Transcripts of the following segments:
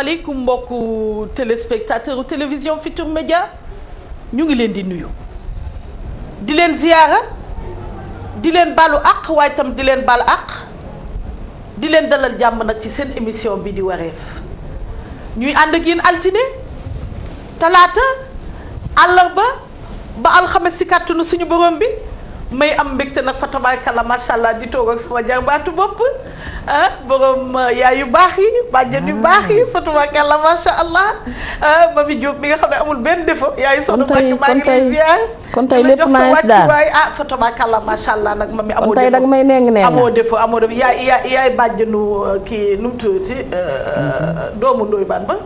asalaamaaleykum mbokku téléspectateur télévision Futur Média ñu ngi leen di nuyu di leen ziyaara di leen baalu àq waaye itam di leen baal àq di leen dalal jàmb nag ci seen émission bi di wareef ñuy ànd ak yéen altine talaata àllarba ba alxames si kàttanu suñu borom bi may am mbégte nag fa tabaarkalla macha allah di toog ak sama jarbaatu bopp ah borom ah, yaay yu baax yi bàjjen yu baax yi ah. fatumakàlla macha allah ah, mami Diop mi nga xam ne amul benn défaut yaay soxna Mbacke maa ngi lay ziar kon tey lépp maa ngi daal waay ah fatumakàlla macha allah nag mami amoo tey dag may neng neng amoo défaut amoo défaut yaay yaay yaay bàjjenu kii nu mu mm-hmm. doomu Ndoye Bane ba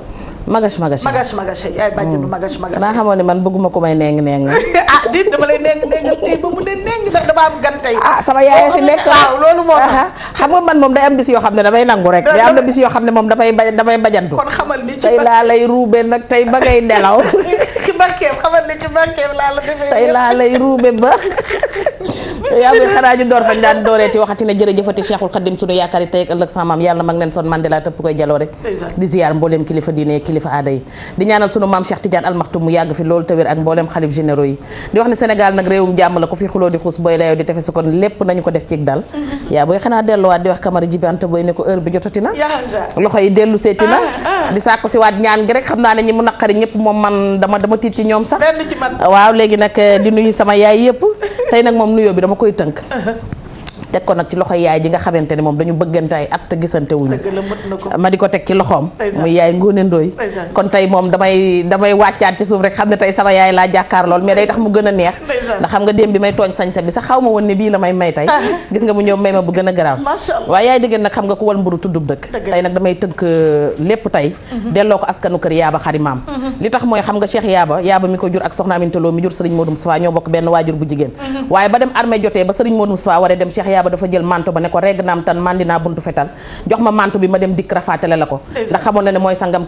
magas magas magas magas yaay bàjjenu magas hmm. magas maa xamoon ne man bëgguma ko may neng neng ah di dama lay neng neng ba mu ne neng ndax dama gan tey ah, sama yaay fi nekk waaw loolu moo tax xam nga man moom day am bis yoo xam ne damay nangu rek day am na bis yoo xam ne moom damay damay bajantu kon xamal ni ci tey laa lay ruube nag tey ba ngay nelaw barkeem xamal ne ci barkeem laa la defee. tey laa lay ruube ba. yaa ngi xanaa ñu door fañ daan dooreeti waxati ne jërëjëfati Cheikhul Khadim sunu yaakaar tey ak mbooleem kilifa diine kilifa aada yi di ñaanal sunu maam Cheikh Tidiane Almakhtoum mu yàgg fi loolu te ak mbooleem xalif généraux yi di wax ne Sénégal nag réewum jàmm la ko fi xuloo di xuus booy layoo di tefesu kon lépp nañu ko def ciig dal mhm. yaa booy xanaa delluwaat di wax Camara Jibi Anta booy ne ko heure bi jotati na loxo yi dellu seeti tiit ci ñoom sax. waaw léegi nag eh, di nuyu sama yaay yëpp tey nag moom nuyoo bi dama koy tënk. teg ko nag ci loxo yaay ji nga xamante ne moom dañu bëggante at te gisante wuñu ma di ko teg ci loxoom muy yaay Ngoné Ndoye kon tey moom damay damay wàccaat ci suuf rek xam ne tey sama yaay laa jàkkaar lool mais day tax mu gën a neex ndax xam nga démb bi may tooñ sañse bi sax xaw ma woon ne bii la may may tey ah. gis nga mu ñëw may ma bu gën a garaaw waaye yaay diggéen nag xam nga ku wal mburu tuddub dëkk tey nag damay tënk euh, lépp tey mhm. delloo ko askanu kër yaaba xari mhm. li tax mooy xam nga Cheikh yaaba yaaba mi ko jur ak soxna Aminta Lo mi jur Serigne Modou Moustapha ñoo bokk benn waajur bu jigéen mhm. waaye ba dem ba dafa jël manto ba ne ko regg naam tan mandi naa buntu fetal jox ma manto bi ma dem dikk rafaatale la ko ndax xamoon na ne mooy sangam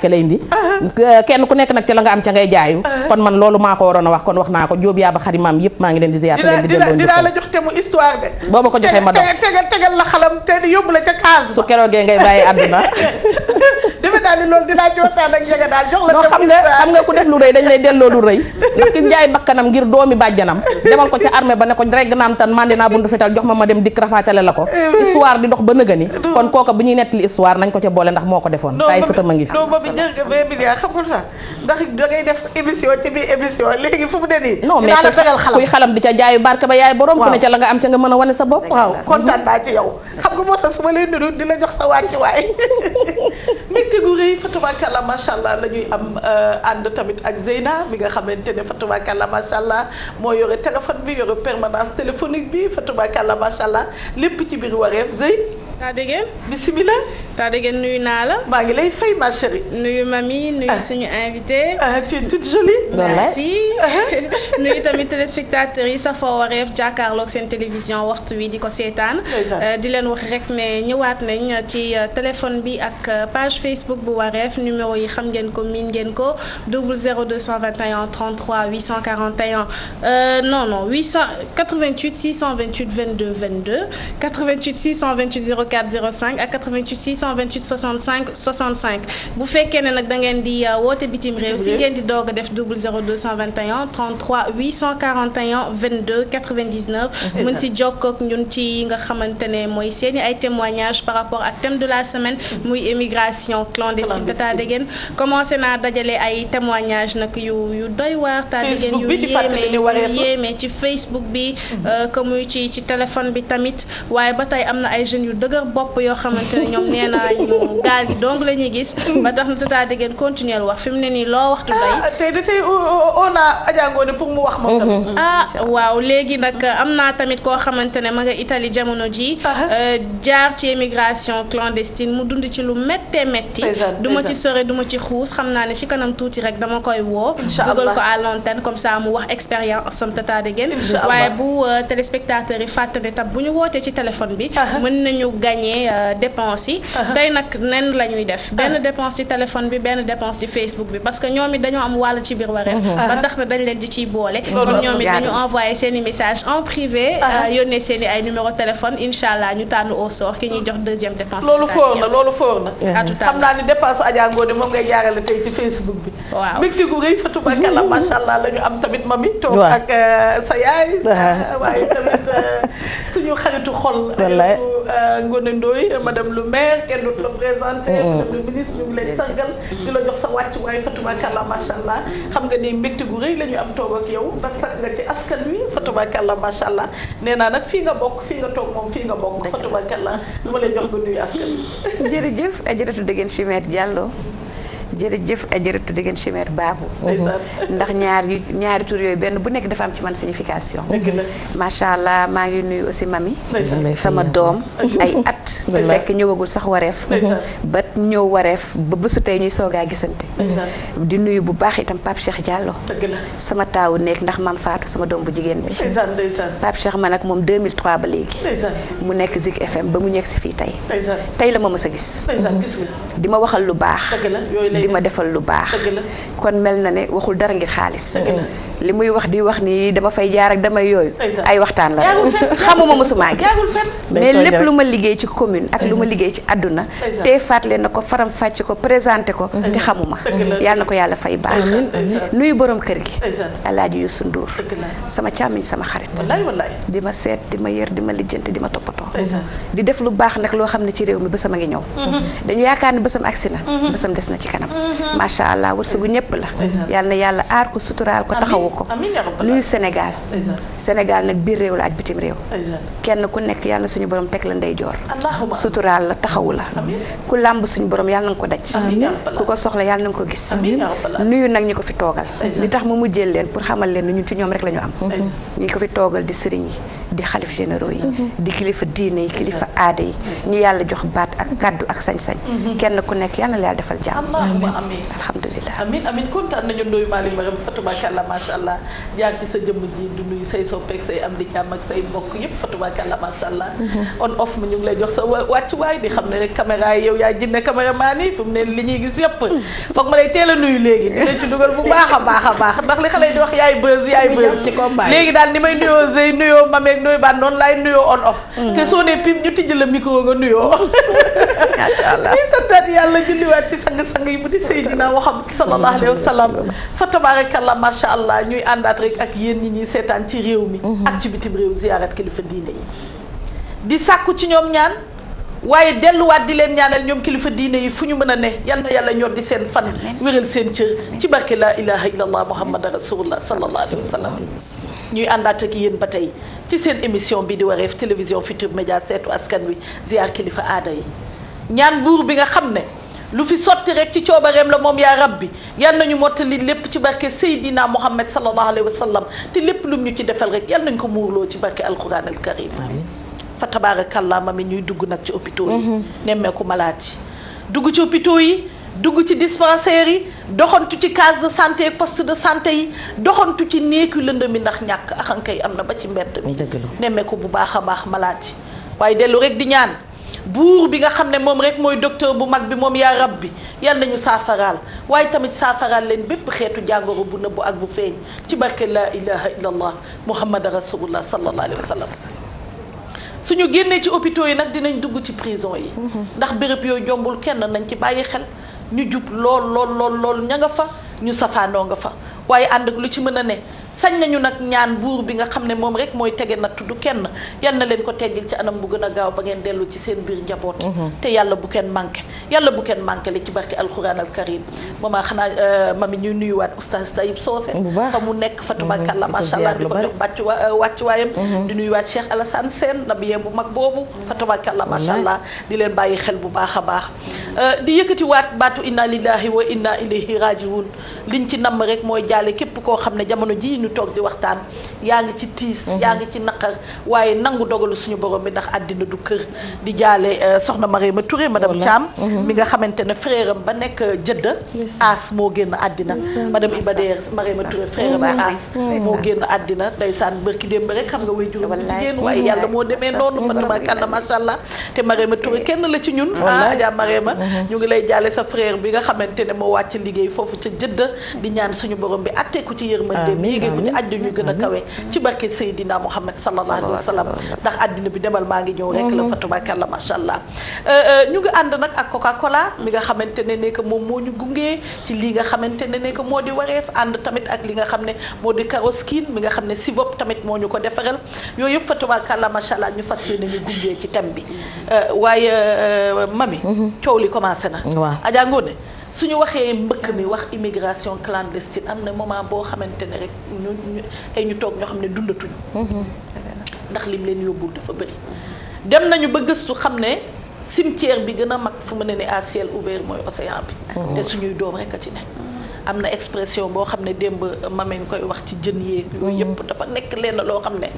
kee kenn ku nekk nag ca la nga am ca ngay jaayu kon man loolu maa ko waroon a wax kon wax naa ko Jóob Yaaba xarimaam yëpp maa ngi leen di ziar. di leen dinaa la jox te mu histoire de. boo ma ko joxee ma dox tegal la xalam te yóbbu la ca case. su keroogee xam nga ku def lu rëy dañ lay delloo lu rëy ndax ki jaay bakkanam ngir doomi bàjjanam demal ko ca armée ba ne ko reg naam tan man dinaa bundu fetal jox ma ma dem dikk rafaatale la ko eh histoire di dox ba nëga ni eh kon kooka bu ñuy nettali histoire nañ ko ca boole ndax moo ko defoon tay sëtam a ngi fi non boobu njëkk da ngay def émission ci biir émission léegi fu xalam di ca jaayu barke ba yaay borom ku ne ca la nga am ca nga mën a wane sa bopp waaw kontaan naa ci yow xam nga moo tax su ma lay nuyu di la jox sa wàcci waay mbégte gu rëy fatuwakala maasàllaa la ñuy am euh, ànd tamit ak Zeyna bi nga xamante ne fatuwakala maasàllaa moo yore téléphone bi yore permanence téléphonique bi la fatuwakala maasàllaa lépp ci biir wareef Zey taa dégeen bisimilah taa dégeen nuyu naa la maa ngi lay fay ma chérie nuyu mami nuyu ah. ñu invité ah, tu es toute merci ah. nuyu tamit téléspectateurs yi safoo wareef jàkkaarloog seen télévision waxtu wi di ko seetaan euh, di leen wax rek ne ñëwaat nañ ci euh, téléphone bi ak euh, page Facebook bu wareef numéro yi xam ngeen ko miin ngeen ko double 0221 33 841 non non 888 628 22 22 88 628 04 05 ak 88 628 65 65 bu fekkee ne nag da ngeen di euh, woote bitim réew si ngeen di doog a def double si jokkoog ñun ci nga xamante mooy seeni ay témoignages par rapport ak thème de la semaine muy émigration clandestine tata Degene commencé naa dajale ay témoignages nag yu yu doy waar. tata Degene yu yéeme yu yéeme ci Facebook bi. Mhm. Euh, que muy ci téléphone bi tamit waaye ba am na ay jeunes yu dëgg. dëgër bopp yoo xamante ne ñoom nee naa ñu gaal gi donc la ñuy gis ba tax na tata dëggeen continuer wax fi mu ne nii loo waxtu day ah, tey da oh, oh, oh, a pour mu wax moom mhm. tamit ah waaw léegi nag am naa tamit koo xamante ne ma nga itali jamono ji ah, ah. euh, jaar ci émigration clandestine mu dund ci lu méttee métti duma ci sore duma ci xuus xam naa ne ci kanam tuuti rek dama koy woo dugal ko à comme ça mu wax expérience am tata dëggeen waaye bu euh, téléspectateurs yi fàttali tam bu ñu bi gagné euh, dépense yi. Uh-huh. tey nag nen la def. benn uh-huh. dépense ci téléphone bi benn dépense ci Facebook bi parce que ñoom it dañoo am wàll ci biir wareef. Uh-huh. ba tax na dañ leen di ciy boole. kon ñoom it dañu envoyé seen i message en privé. Euh, yónnee seen i ay numéro téléphone incha allah ñu tànn au sort ki ñuy jox deuxième dépense. loolu foor na loolu foor na. xam naa ni dépense Adja Ngoné moom ngay jaarale tey ci Facebook bi. waaw mbégte gu am tamit Ngoné Ndoye madame le maire kenn dootu la présenté madame le ministre ñu lay sargal di la jox sa wàccuwaay fatabakàlla macha allah xam nga ni mbégte gu rey la ñu am toog ak yow ndax sax nga ci askan wi fatabakàlla macha allah nee naa nag fii nga bokk fii nga toog moom fi nga bokk fatabakàlla lu ma lay jox nga nuyu askan wi jërëjëf ajëratu dëggeen Chimère Diallo jërëjëf ajaratu di ngeen chimère baabu ndax ñaar ñaari tur yooyu benn bu nekk dafa am ci man signification macha allah maa ngi nuyu aussi mami sama doom ay at te fekk ñëwagul sax wareef ba ñëw wareef ba bésu tey ñuy soogaa gisante di nuyu bu baax itam Pape Cheikh Diallo sama taawu nekk ndax maam Fatou sama doom bu jigéen bi Pape Cheikh man ak moom 2003 ba léegi mu nekk Zik FM ba mu nekk si fii tey tey la ma mës a gis di ma waxal lu baax li ma defal lu baax kon mel na ne waxul dara ngir xaalis li muy wax di wax ni dama fay jaar ak damay yooyu ay waxtaan la rek xamuma mosumaa gis mais lépp lu ma liggéey ci commune ak lu ma liggéey ci àdduna te faat leen na ko faram fàcc ko présenté ko xamuma yàlla na ko yàlla fay baax nuyu borom kër gi alaaji Youssou Ndour sama càmmiñ sama xarit di ma seet di ma yër di ma lijjanti di ma toppatoo di def lu baax nag loo xam ne ci réew mi bésam a ngi mm-hmm. mm-hmm. des na ci kanam kanam mm-hmm. macha allah wërsëgu ñëpp la yal yàlla aar ko suturaal ko taxawu ko nuyu Sénégal Sénégal nag biir réew la ak bitim réew kenn ku nekk yal suñu borom teg la ndeyjoor suturaal la taxawu la ku làmb suñu borom yàlla na nga ko daj ku ko soxla yàlla na nga ko gis nuyu nag ñi ko fi toogal li tax mu mujjee leen pour xamal leen ni ñu ci ñoom rek la ñu am ñi ko fi toogal di sëriñ yi di xalif généraux yi di kilifa diine yi kilifa aada yi ñu yàlla jox baat ak kàddu ak sañ-sañ kenn ku nekk yàlla na yàlla defal jàmm alhamdulilah amin amin kontaan nañu ndooyu Malick Marème fatabakàlla macha la jaar ci sa jëmm ji du nuyu say soppeek say am di jàmm ak say mbokk yëpp fatabakàlla macha allah mhm. on off mu ñu ngi lay jox sa wàccuwaay di xam ne rek caméra yi yow jinne caméraman yi fu ne li ñuy gis yëpp foog ma lay teel a nuyu léegi dina ci dugal bu baax a baax a baax ndax li xale yi di wax Ndoye Bane noonu laay nuyoo on off. Mm. te soo nee pim ñu tijji la micro nga nuyoo. macha allah di santaat yàlla julliwaat ci sang-sang yi bu di Seydina Muhammad sallallahu alayhi wa sallam fa allah ñuy àndaat rek ak yéen ñi ñuy seetaan ci réew mi. Mm-hmm. ak ci bitim réew ki kilifa diine yi. di sàkku ci ñoom ñaan. waaye delluwaat di leen ñaanal ñoom kilifa diine yi fu ñu mën a ne yal na yàlla ñor di seen fan wéral seen cër ci barke laa ilaha illallah muhammad rasulullah sallallahu alayhi wa sallam ñuy àndaat ak yéen ba tey ci seen émission bi di wareef télévision Futurs Médias seetu askan wi ziar kilifa aada yi ñaan buur bi nga xam ne lu fi sotti rek ci coobareem la moom yaa rabbi yal nañu mottali lépp ci barke Seydina Muhammad sallallahu alayhi wa sallam te lépp lum ñu ci defal rek yal nañ ko muurloo ci barke alquran al karim fa tabaarakallaa mami ñuy dugg nag ci hôpitaux yi mhm. nemmeeku malaat yi dugg ci hôpitaux yi dugg ci dispensaires yi doxantu ci case de santé poste de santé yi doxantu ci néegu lënd mi ndax ñàkk yi am na ba ci mbedd mi nemmeeku bu baax a baax malaat yi waaye dellu rek di ñaan buur bi nga xam ne moom rek mooy docteur bu mag bi moom yaa rab bi yal nañu saafaraal waaye tamit saafaraal leen bépp xeetu jàngoro bu nëbbu ak bu feeñ ci barke laa ilaha illallah muhammad rasulullah sallallahu alayhi wa sallam suñu génnee ci hôpitaux yi nag dinañ dugg ci prison yi ndax béréb yooyu jombul kenn nañ ci bàyyi xel ñu jub lool lool lool ña nga fa ñu safaanoo nga fa waaye ànd ak lu ci mën a ne sañ nañu nag ñaan buur bi nga xam ne moom rek mooy tege na tudd kenn yal leen ko teggil ci anam bu gën a gaaw ba ngeen dellu ci seen biir njaboot mhm. te yàlla bu kenn manqué yàlla bu kenn manqué li ci barke alxuraan al karim mama xanaa euh, mami ñuy nuyuwaat oustaz Tayib Socé fa mu nekk fa tabarakallah mhm. macha allah di ko jox bàcc euh, wàcc waayam mhm. di nuyuwaat Cheikh Alassane Sène nabiyee bu mag boobu fa la macha allah di leen bàyyi xel bu baax a baax euh, di yëkkati waat baatu inna lillahi wa inna ilayhi rajiun liñ ci namm rek mooy jaale képp koo xam ne jamono ji ñu toog di waxtaan yaa ngi ci tiis mhm. yaa ngi ci naqar waaye nangu dogalu suñu borom bi ndax àddina du kër di jaale euh, soxna Mariama Touré madame Thiam mhm. mi nga xamante ne frère ba nekk euh, jëdda aas moo génn àddina madame Ibadeer Mariama Touré frère am aas mhm. moo génn àddina ndeysaan bërki démb rek xam nga way juróom jigéen waaye yàlla moo demee noonu fatabaakàlla macha allah te ma Touré kenn la ci ñun a ah Adja ma ñu ngi lay jaale sa frère bi nga xamante ne moo wàcc liggéey foofu ca jëdda di ñaan suñu borom bi atteeku ci yërmande mi yóbbu ci àjjana ñu gën a kawe ci barke Seydina Muhammad sallallahu alayhi wa sallam ndax àddina bi demal maa ngi ñëw rek la mhm. fa tabarakallah masha allah euh, euh, ñu ngi ànd nag ak Coca Cola mi nga xamante ne ne que moom moo ñu gungee ci lii nga xamante ne ne que moo di wareef ànd tamit ak li nga xam ne moo di karoskin mi nga xam ne si bopp tamit moo ñu ko defaral yooyu yëpp fa tabarakallah masha allah ñu fas yéene ñu gungee ci thème bi euh, waaye mami mhm. coow li commencé na waaw su ñu waxee mbëkk mi wax immigration clandestine am na moment boo xamante ne rek ñu ñu toog ñoo xam ne dundatuñu. Mhm. ndax lim leen yóbbul dafa bëri. dem nañu ba gëstu xam ne cimetière bi gën a mag fu mu ne ni à ciel ouvert mooy océan bi. Mhm. te suñuy doom rek a ci ne. am na expression boo xam ne démb mameen koy wax ci jën yeeg yooyu mhm. yëpp dafa nekk lenn loo xam ne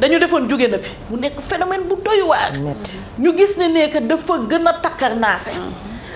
dañu defoon jóge na fi mu nekk phénomène bu doy waar ñu gis ne ne que dafa gën a takkarnaase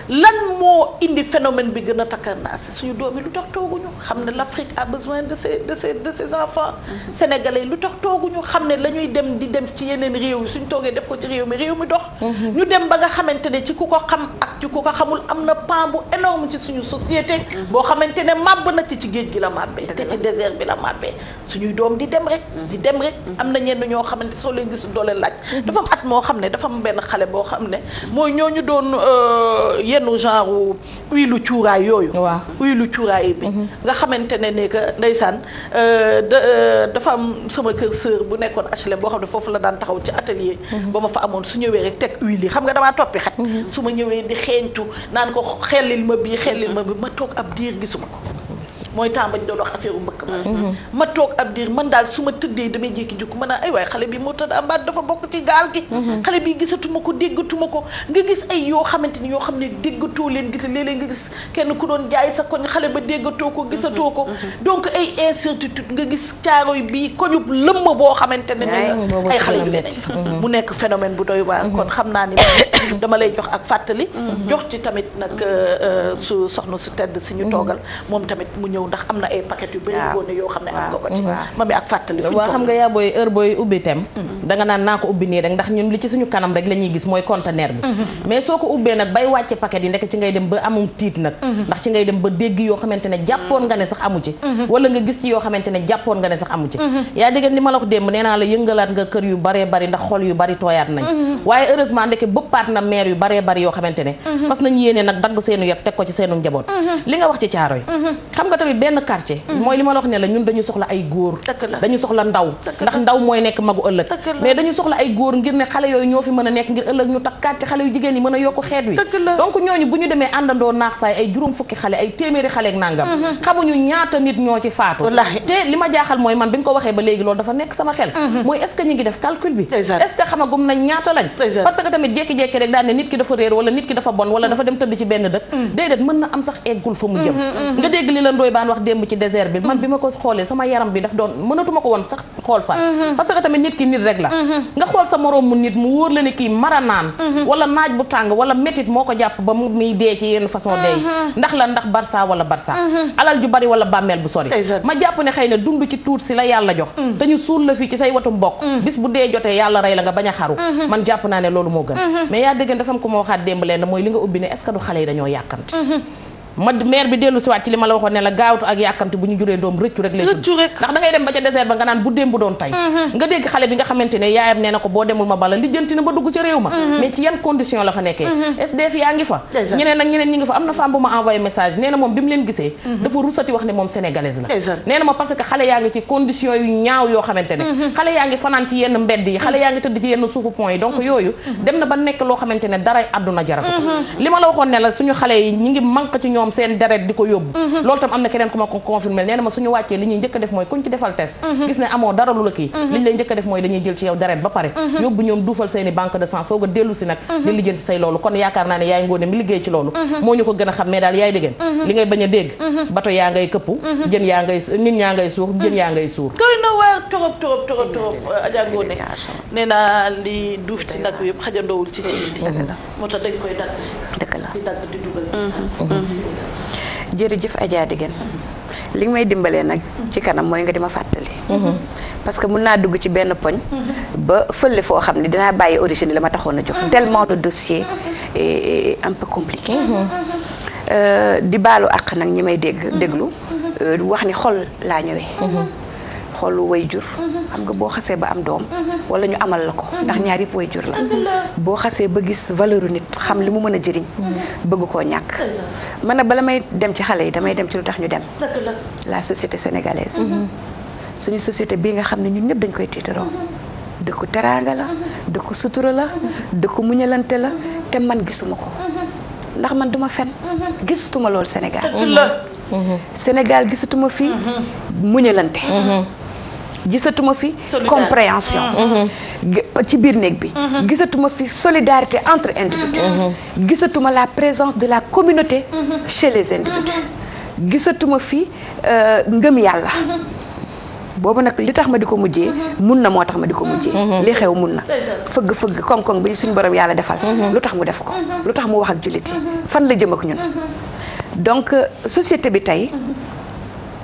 lan moo indi phénomène bi gën a takkarnaase suñu doom yi lu tax tooguñu xam ne l'Afrique a besoin de de ses de ses enfants mm-hmm. sénégalais lu tax tooguñu xam ne la ñuy dem di dem ci yeneen réew yi suñu toogee def ko ci réew mi réew mi dox mm-hmm. ñu dem ba nga xamante ne ci ku ko xam ak ci ku ko xamul am na pan bu énorme ci suñu société mm-hmm. boo xamante ne màbb na ci ci géej gi la màbbee te ci désert bi la màbbee suñuy doom di dem rek di dem rek am na ñenn ñoo xamante soo leen gis doo leen laaj dafa am at moo xam ne dafa am benn xale boo xam ne mooy ñooñu doon euh, yenn genre huile cuuraay yooyu. waaw huile cuuraay bi. Mhm. nga xamante ne ne que ndeysaan euh, euh, dafa am sama kër sœur bu nekkoon HLM boo xam ne foofu la daan taxaw ci atelier. Mhm. ba ma fa amoon su ñëwee rek teg huile yi xam nga damaa toppi xaj. Mhm. su ma ñëwee di xeeñtu naan ko xellil ma bii xellil ma bii ma toog ab diir gisuma ko. ministre mooy tàmbali doon wax affaire mbëkk ma mm-hmm. mm-hmm. ma toog ab diir man daal su ma tëddee damay jékki-jékki ma naa ay waay xale bi moo tëdd ambaat dafa bokk ci gaal gi mm-hmm. xale bi gisatuma ko déggatuma ko nga gis ay yoo xamante ni yoo xam ne déggatoo leen gis léeg-léeg gis kenn ku doon jaay sa koñ xale ba déggatoo ko gisatoo ko donc ay incertitude nga gis caaroy bi koñu lëmm boo xamante ne ay xale yu leen mu nekk phénomène bu doy waar kon xam naa ni dama lay jox ak fàttali jox ci tamit nag euh, euh, su soxna su tedd si ñu toogal moom tamit mu ñëw ndax am na ay paquet yu bëri góone ne am nga ko nga yaa booy heure booy ubbi tem mm-hmm. naan naa ko ubbi nii ndax ñun li ci suñu kanam rek la ñuy gis mooy conteneur bi mm-hmm. mais soo ko ubbee nag bay wàcce paquet yi ndek ci ngay dem ba amum tiit nag mm-hmm. ndax ci ngay dem ba yoo xamante ne jàppoon nga ne amu ci wala nga gis yoo xamante ne jàppoon nga ne sax amu ci yaa dégg li ma la wax démb nee naa la yëngalaat nga kër yu baree bari ndax xol yu bari tooyaat nañ waaye heureusement ndeke bëppaat na maire yu baree bari yoo xamante ne fas nañ yéene nag dagg seenu yet teg ko ci seenu njaboot li nga wax ci caaro yi xam nga tamit benn quartier mm. mooy li ma wax ne la ñun dañu soxla ay góor dañu soxla ndaw ndax ndaw mooy nekk magu ëllëg mais dañu soxla ay góor ngir ne xale yooyu ñoo fi mën a nekk ngir ëllëg ñu takkaat ci xale yu jigéen yi mën a yokku xeet wi donc ñooñu bu ñu demee àndandoo naax saay ay juróom fukki xale ay téeméeri xale ak nàngam mm-hmm. xamuñu ñaata nit ñoo ci faatu te li ma jaaxal mooy man bi nga ko waxee ba léegi loolu dafa nekk sama xel mm-hmm. mooy est-ce ngi def calcul bi est-ce Ndoye Bane wax démb ci désert bi man bi ma ko xoolee sama yaram bi daf doon mënatuma ko woon sax xool fan mm-hmm. parce que tamit nit ki nit rek la mm-hmm. nga xool sa naan mm-hmm. wala naaj bu tàng wala métit moo ko jàpp ba mu muy dee ci yenn façon dee ndax la ndax barça wala barça alal ju bari wala bàmmeel bu sori ma ne xëy na dund ci tuut si la yàlla jox mm. dañu suul la fii ci mbokk mm. bis bu dee jotee yàlla la nga bañ a xaru man jàpp naa ne loolu moo gën mais yaa dégg dafa am ko ma waxaat démb leen mooy li nga ubbi ne est-ce que du xale yi dañoo yàkkant ma maire bi dellu siwaat ci li ma la waxoon ne la ak yàkkamti bu ñu juree doom rëccu rek rëccu ndax da dem ba ca désert ba nga naan bu démb bu doon tey mm-hmm. nga dégg xale bi nga xamante ne yaayam nee na ko boo demul ma bala lijjanti na ba dugg ca réew ma mm-hmm. mais ci yan condition la fa nekkee mm-hmm. SDF yaa ngi fa ñeneen ñi ngi fa am na femme bu ma envoyé message nee na moom bi mu leen gisee dafa rusati wax ne moom sénégalaise la nee ma parce que ñoom seen deret di ko yóbbu mhm. loolu tam am na keneen ku ma ko confirmé ma suñu wàccee li ñuy njëkk a def mooy kuñ ci defal test mhm. gis ne amoo dara lu la kii mhm. li lay njëkk def mooy dañuy jël ci yow deret ba pare yóbbu ñoom duufal seeni banque de sang soog a nag di lijjanti say loolu kon yaakaar naa ne yaay ngoone mi liggéey ci loolu moo ñu ko gën a xam mais daal yaay diggéen li ngay bañ a dégg bato yaa ngay këpp jën yaa ngay nit ñaa ngay dagg la. Mhm. Mhm. jërëjëf Adja Degen li may dimbalee nag ci kanam mooy nga di ma fàttali. Mhm. parce que mun naa dugg ci benn poñ. ba fële foo xam ne dinaa bàyyi origine la ma taxoon a jox. tellement de dossier et un peu compliqué. Euh, di baalu àq nag ñi may dégg déglu euh, wax ni xol laa ñëwee. xolu way jur xam nga boo xasee ba am doom wala ñu amal la ko ndax ñaar yëpp way jur la boo xasee ba gis valeur nit xam li mu mën a jëriñ bëgg koo ñàkk man a bala may dem ci xale yi damay dem ci lu tax ñu dem la société sénégalaise mhm. suñu société bii nga xam ne ñun ñëpp dañ koy tiitaroo mhm. dëkku teraanga la mhm. dëkku sutura la dëkku muñalante la te man gisuma ko ndax man duma fen gisatuma loolu Sénégal Sénégal gisatuma fii muñalante gisatuma fi compréhension mm-hmm. Mm-hmm. ci biir néeg bi mm-hmm. gisatuma fi solidarité entre individus gisatuma la présence de la communauté chez les individus gisatuma fi euh, ngëm yàlla boobu nag li tax ma di ko mujjee mun na moo tax ma di ko mujjee li xew mun na fëgg fëgg koŋ-koŋ bi suñu borom yàlla defal lu tax mu def ko lu tax mu wax ak jullit yi fan la jëm ak ñun donc euh, société bi tey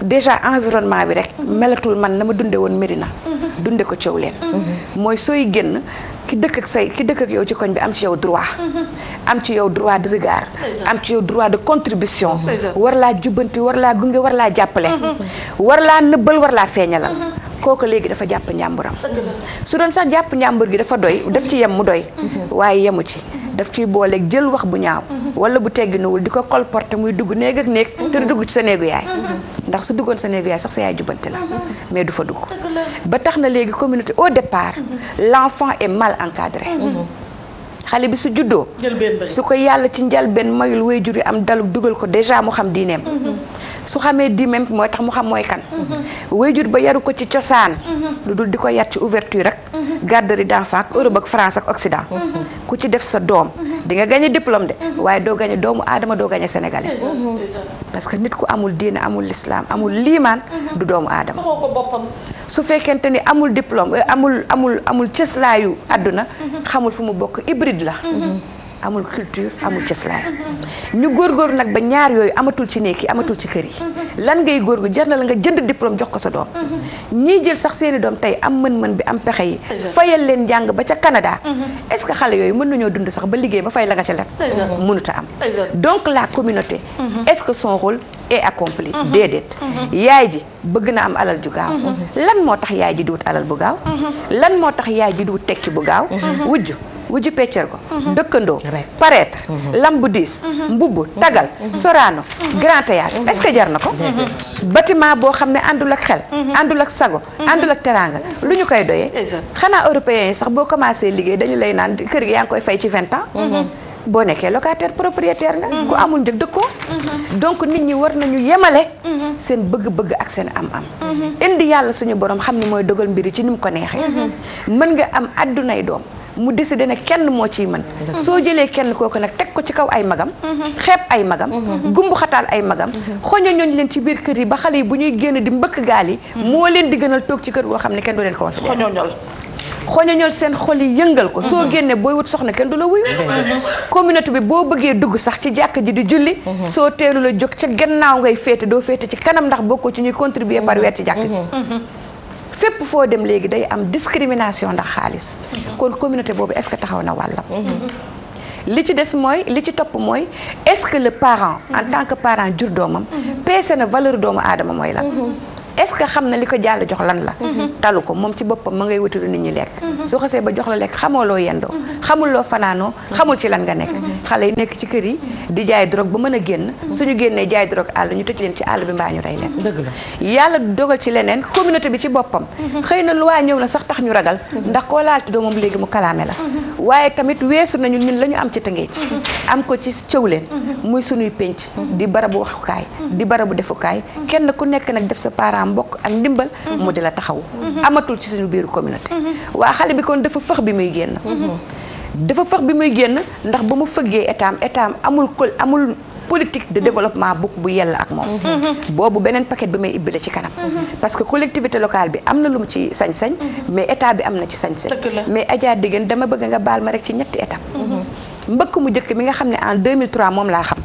déjà environnement bi rek melatul man na ma dunde woon Médina mhm. dunde ko coow leen mhm. mooy sooy génn ki dëkk say ki dëkk yow ci koñ bi am ci yow droit mhm. am ci yow droit de am ci yow droit de contribution war laa jubbanti war laa gunge war laa jàppale war laa nëbbal war laa feeñalal kooku léegi dafa jàpp njàmburam su doon sax jàpp njàmbur gi dafa doy def ci yem mu doy waaye yemu ci daf ciy booleeg jël wax bu ñaaw wala bu tegginuwul di ko colporté muy dugg néeg ak néeg te dugg ci sa néegu yaay ndax su duggoon sa néegu yaay sax sa yaay jubanti la mais du fa dugg ba tax na léegi communauté au départ l'enfant et mal encadré xale bi su juddoo su ko yàlla ci njalbeen mayul way jur yi am dalu dugal ko déjà mu xam diineem su xamee diineem mooy tax mu xam mooy kan mhm. way jur ba yaru ko ci cosaan mhm. lu dul di ko yar ci ouverture rek mhm. garderie d'enfants ak Europe ak France ak Occident. Mhm. ku ci def sa doom. Mhm. di nga gagné diplôme de. Mhm. waaye doo gagné doomu aadama doo gagné sénégalais. parce que nit ku amul diine amul lislaam amul liimaan. du doomu aadama. su fekkente ni amul diplôme amul amul amul cëslaayu àdduna. xamul fu mu bokk hibride la. amul culture amul cëslaay ñu góor góor nag ba ñaar yooyu amatul ci néeg yi amatul ci kër yi lan ngay góor gu jar na la nga jënd diplôme jox ko sa doom ñii jël sax seeni doom tey am mën-mën bi am pexe yi fayal leen njàng ba ca Canada mm-hmm. est-ce que xale yooyu mën nañoo dund sax ba liggéey ba fay la nga ca lef mënuta am donc la communauté mm-hmm. est-ce que son rôle est mm-hmm. yaay ji bëgg na am alal ju gaaw lan moo tax yaay ji duwut alal bu gaaw lan moo tax yaay ji duwut tekki bu gaaw wujju wujju peccer ko mhm. dëkkandoo paraître mhm. lamb diis mhm. mbubb tagal sorano grand théâtre est-ce que jar na ko batiment boo xam ne àndul ak xel àndul ak sago àndul ak teranga lu ñu koy doyee xanaa européens yi sax boo commencé liggéey dañu lay naan kër gi yaa ngi koy fay ci vingt ans boo nekkee locataire propriétaire nga ku amul njëg dëkkoo donc nit ñi war nañu yemale seen bëgg-bëgg ak seen am-am indi yàlla suñu borom xam ni mooy dogal mbiri ci ni mu ko neexee mën nga am addunay doom mu décidé ne kenn moo ci man soo jëlee kenn kooku nag teg ko ci kaw ay magam mm-hmm. xeeb ay magam mm-hmm. gumbu xataal ay magam mm-hmm. xoño ñooñ leen ci biir kër yi ba xale yi bu ñuy génn di mbëkk gaal yi moo leen di gënal toog ci kër boo xam ne kenn du leen considéré xoñoñol seen xol yi yëngal ko soo génnee booy wut soxna kenn du la wuyu communauté bi boo bëggee dugg sax ci jàkk ji di julli soo teelu la jóg ca gannaaw ngay féete doo féete ci kanam ndax bokkoo ci ñuy contribuer par weer ci jàkk ji fépp foo dem léegi day am discrimination ndax xaalis kon communauté boobu est-ce que taxaw na wàllam li ci des mooy li ci topp mooy est-ce que le parent en tant que parent jur doomam mhm. peese na valeur doomu aadama mooy lan mhm. est-ce que xam na li ko jàll jox lan la mhm. talu ko moom ci boppam mu ngay wuti nit ñi lekk mhm. su xasee ba jox la lekk xamoo loo yendoo mhm. xamul loo fanaanoo xamul ci lan nga nekk xale yi nekk ci kër yi di jaay drogue ba mën a génn suñu génnee jaay drogue àll ñu tëj leen ci àll bi mbaa ñu rey leen dëgg la yàlla dogal ci leneen communauté bi ci boppam xëy na luwaa ñëw na sax tax ñu ragal ndax koo laal doo moom léegi mu kalaame la waaye tamit weesu nañu ñun la ñu am ci tëngéej am ko ci cëw muy suñuy pénc di barabu waxukaay di barabu defukaay kenn ku nekk nag def sa parent programme mbokk ak ndimbal mhm. mu di la taxaw mhm. amatul ci suñu biiru communauté mhm. waa xale bi kon dafa fëx bi muy génn dafa fëx bi muy génn ndax ba mu fëggee état état amul kol amul politique de développement bokk bu yella ak moom boobu beneen paquet bi may ibbi la ci kanam parce que collectivité locale bi am na lu mu ci sañ-sañ mais état bi am na ci sañ-sañ mais ajaar Adja Dégène dama bëgg nga baal ma rek ci ñetti étape mbëkk mu njëkk mi nga xam ne en 2003 moom laa xam.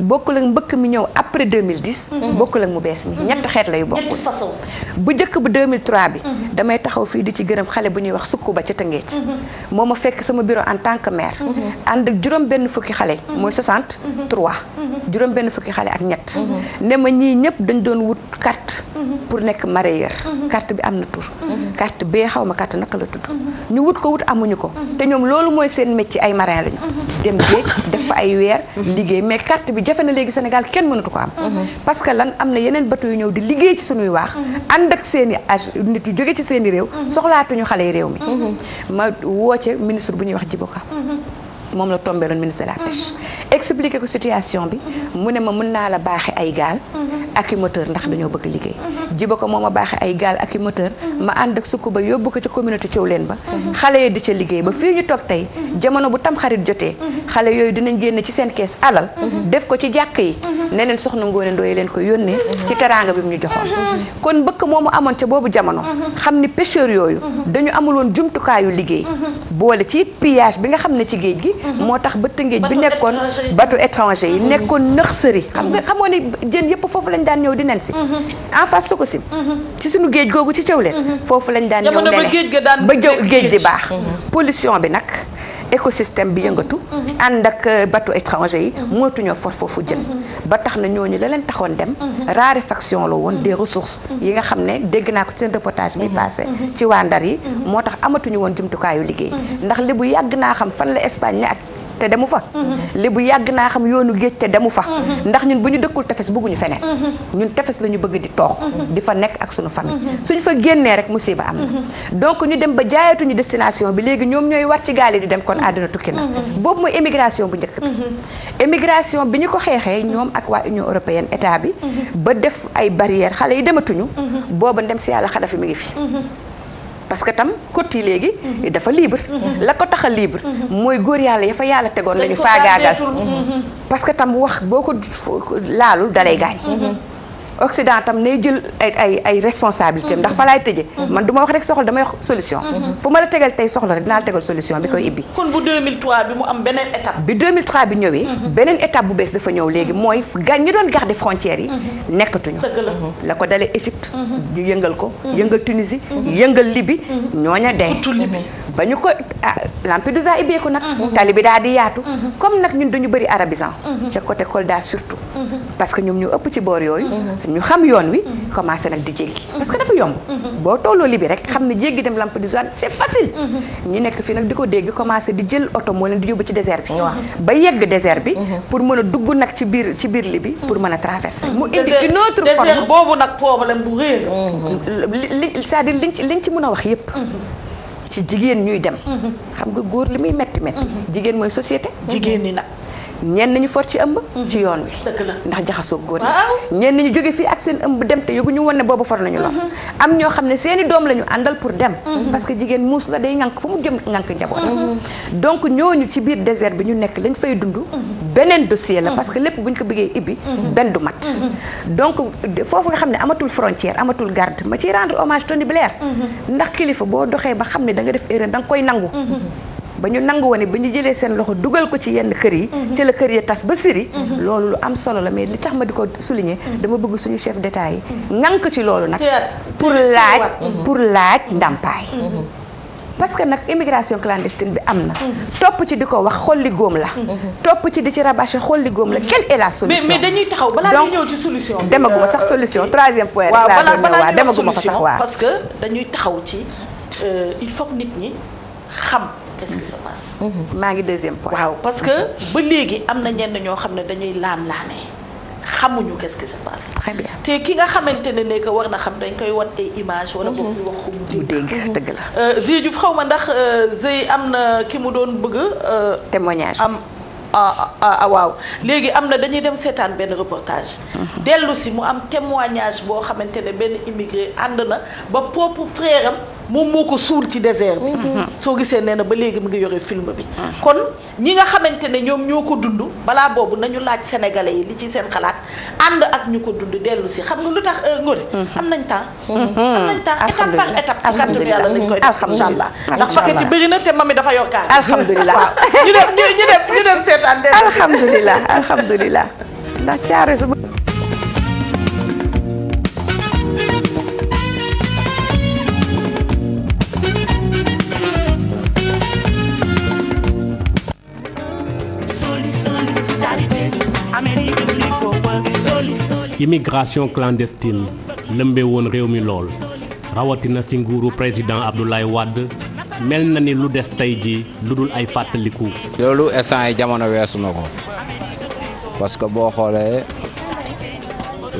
bokk ak mbëkk mi ñëw après 2010. bokkul ak mu bees mi ñetti xeet lay bokkul. ñetti façon bu njëkk bu 2003 bi. Mhm. damay taxaw fii di ci gërëm xale bu ñuy wax sukk ba ca Tëngéej. Mhm. moo ma fekk sama bureau en tant que maire. Mhm. ànd ak juróom benn fukki xale. mooy 63. juróom benn fukki xale ak ñett. ne ma ñii ñëpp dañ doon wut carte. pour nekk mareyeur. carte bi am na tur. carte bee xaw ma kart naka la tudd. ñu wut ko wut amuñu ko. te ñoom loolu mooy seen métier ay marin lañu. dem géej def fa ay weer liggéey mais carte bi jafe na léegi Sénégal kenn mënatu ko am parce que lan am na yeneen bateau yu ñëw di liggéey ci suñuy waax ànd ak seeni i âge nit yu jóge ci seen i réew soxlaatuñu xale yi réew mi ma woo ca ministre bu ñuy wax Djibo Ka moom la tombé loon ministre de la pêche. ko situation bi. mu ne ma mun naa la baaxe ay gaal. ak i moteur ndax dañoo bëgg liggéey. jiba ko moom a baaxe ay gaal ak i moteur. ma ànd ak sukk ba yóbbu ko ci communauté Thiaw leen ba. xale di ca liggéey ba fii ñu toog tey. jamono bu tam jotee. xale yooyu dinañ génn ci seen kees alal. def ko ci jàq yi. ne leen soxna Ngoné Ndoye leen ko yónnee. ci teraanga bi mu ñu joxoon. kon bëkk moomu amoon ca boobu jamono. xam ni pêcheurs yooyu. dañu amul woon jumtukaayu liggéey. boole ci pillage bi nga xam ne ci géej gi Mhm. moo tax ba tëngéej bi nekkoon bateau étranger yi mhm. nekkoon nurserie xam nga mhm. xamoo ni jën yëpp foofu lañ daan ñëw di nen si en face su ko si ci suñu géej googu ci cëw leen foofu lañ daan ñëw nene ba jëw géej di baax pollution bi nag écosystème bi yëngatu. Mhm. ànd ak euh, bateau étranger yi. Mhm. mootuñoo for foofu jën. Mhm. ba tax na ñoo ñooñu la leen taxoon dem. raréfaction la woon des ressources. yi nga xam ne dégg naa ko ci seen reportage bi passé. ci waa Ndar yi. moo tax amatuñu woon jumtukaayu liggéey. ndax li bu yàgg naa xam fan la Espagne ne ak. te demu fa li bu yàgg naa xam yoonu géej te demu fa ndax ñun bu ñu dëkkul tefes bëgguñu feneen ñun tefes la ñu bëgg di toog di fa nekk ak suñu famille suñu fa génnee rek musiba am na donc ñu dem ba jaayatuñu destination bi léegi ñoom ñooy war ci gaal yi di dem kon àdduna tukki na boobu mooy émigration bu njëkk bi émigration bi ñu ko xeexee ñoom ak waa Union européenne état bi ba def ay barrières xale yi dematuñu booba ndem si yàlla Xadafi mi ngi fi parce que tam Coty léegi. Mhm. dafa libre. Mhm. la ko tax libre. Mhm. mooy góor yàlla ya fa yàlla tegoon lañu faagaagal. parce que tam wax boo ko laalul dalay gaañ. Occident tam nay jël ay ay ay responsabilité ndax fa laay tëjee. Mhm. man du wax rek soxla damay wax solution. Mhm. Mhm. fu ma la tegal tey soxla rek dinaa la tegal solution bi koy ibbi. kon bu 2003 bi mu am beneen étape. bi 2003 bi ñëwee. beneen étape bu bees dafa ñëw léegi mooy gan ñi doon garder frontières yi. nekkatuñu. la ko dalee Égypte. ñu yëngal ko. yëngal Tunisie. yëngal Libye ñooña dee. ba ñu ko ah, Lampedusa ibbeeku nag mhm. tali bi daal di yaatu mhm. comme nag ñun dañu bëri arabisant mhm. ca côté Kolda surtout parce que ñoom ñu ëpp ci boor yooyu ñu xam yoon wi commencé nag di jéggi parce que dafa yomb boo tolloo li bi rek xam ne jéggi dem Lampedusa c'est facile ñu nekk fii nag di ko dégg commencé di jël oto moo leen di yóbbu ci désert bi ba yegg désert bi pour mën a dugg nag ci biir ci biir li bi pour mën a traverser mu indi une autre boobu nag problème bu réer li cest à liñ ci mën a wax yépp ci jigéen ñuy dem. Mm-hmm. xam nga góor li muy metti metti mm-hmm. jigéen mooy société. Mm-hmm. jigéen ñi nag. ñenn ñu for ci ëmb mhm. ci yoon wi ndax jaxasoo góor ñi ñenn ñu jóge fii ak seen ëmb dem te bu ñu woon boobu for nañu lool mhm. am ñoo xam ne seeni doom la ñu àndal pour dem mhm. parce que jigéen muus la day ŋànk fu mu jëm ŋànk njabootam donc ñooñu ci biir désert bi ñu nekk lañ fay dund beneen dossier la parce que lépp buñ ko bëggee ibi benn du mat donc foofu nga xam ne amatul frontière amatul garde ma ciy rendre hommage Tony Blair ndax kilifa boo doxee ba xam ne da def erreur da nga koy nangu ba ñu nangu woon ba ñu jëlee seen loxo dugal ko ci yenn kër yi mhm. ci la kër ya tas ba siri mhm. loolu lu am solo la mais li tax ma di ko souligner mhm. dama bëgg suñu chef d'état yi ko ci loolu nag pour laaj pour laaj ndàmpaay parce que nag immigration clandestine bi am na. topp ci di ko wax xolli góom la. topp ci di ci rabâché xolli góom la quelle est la solution. mais mais dañuy taxaw balaa solution. demaguma sax solution euh, troisième point. waaw balaa balaa demaguma fa sax waaw parce que dañuy taxaw ci euh, il nit ñi xam. qu'est-ce qui passe. Mm-hmm. maa ngi deuxième point. waaw parce que mm-hmm. ba léegi am na ñenn ñoo xam ne dañuy laam-laamee xamuñu qu'est-ce qui passe. te ki nga xamante ne nekk war na xam dañ koy wan ay image wala boog mm-hmm. ñu wax ko dégg. dëgg la. Euh, Zé Diouf xaw ma ndax euh, Zé am na ki mu doon bëgg. Euh, témoignage am. Ah, ah, ah waaw léegi am na dañuy dem seetaan benn reportage. dellu si mu am témoignage boo xamante ne benn immigré ànd na ba propre frère am moom moo ko suul ci désert bi mhm. soo gisee nee na ba léegi mu ngi yore film bi kon ñi nga xamante ne ñoom ñoo ko dund balaa boobu nañu laaj sénégalais yi li ci seen xalaat ànd ak ñu ko dund dellu si xam nga lu tax euh, ngóore mhm. am nañ temps mhm. am nañ temps étape par étape kàttanu yàlla dañ koy def incha allah ndax paquet yi bëri na te mami dafa yor kaar alhamdulilah waaw ñu dem ñu dem ñu dem seetaan alhamdulilah alhamdulilah ndax caare sama immigration clandestine lëmbee woon réew mi lool rawatina si nguuru président Abdoulaye Wade mel na ni lu des tey ji lu dul ay fàttaliku. loolu instant yi jamono weesu na ko parce que boo xoolee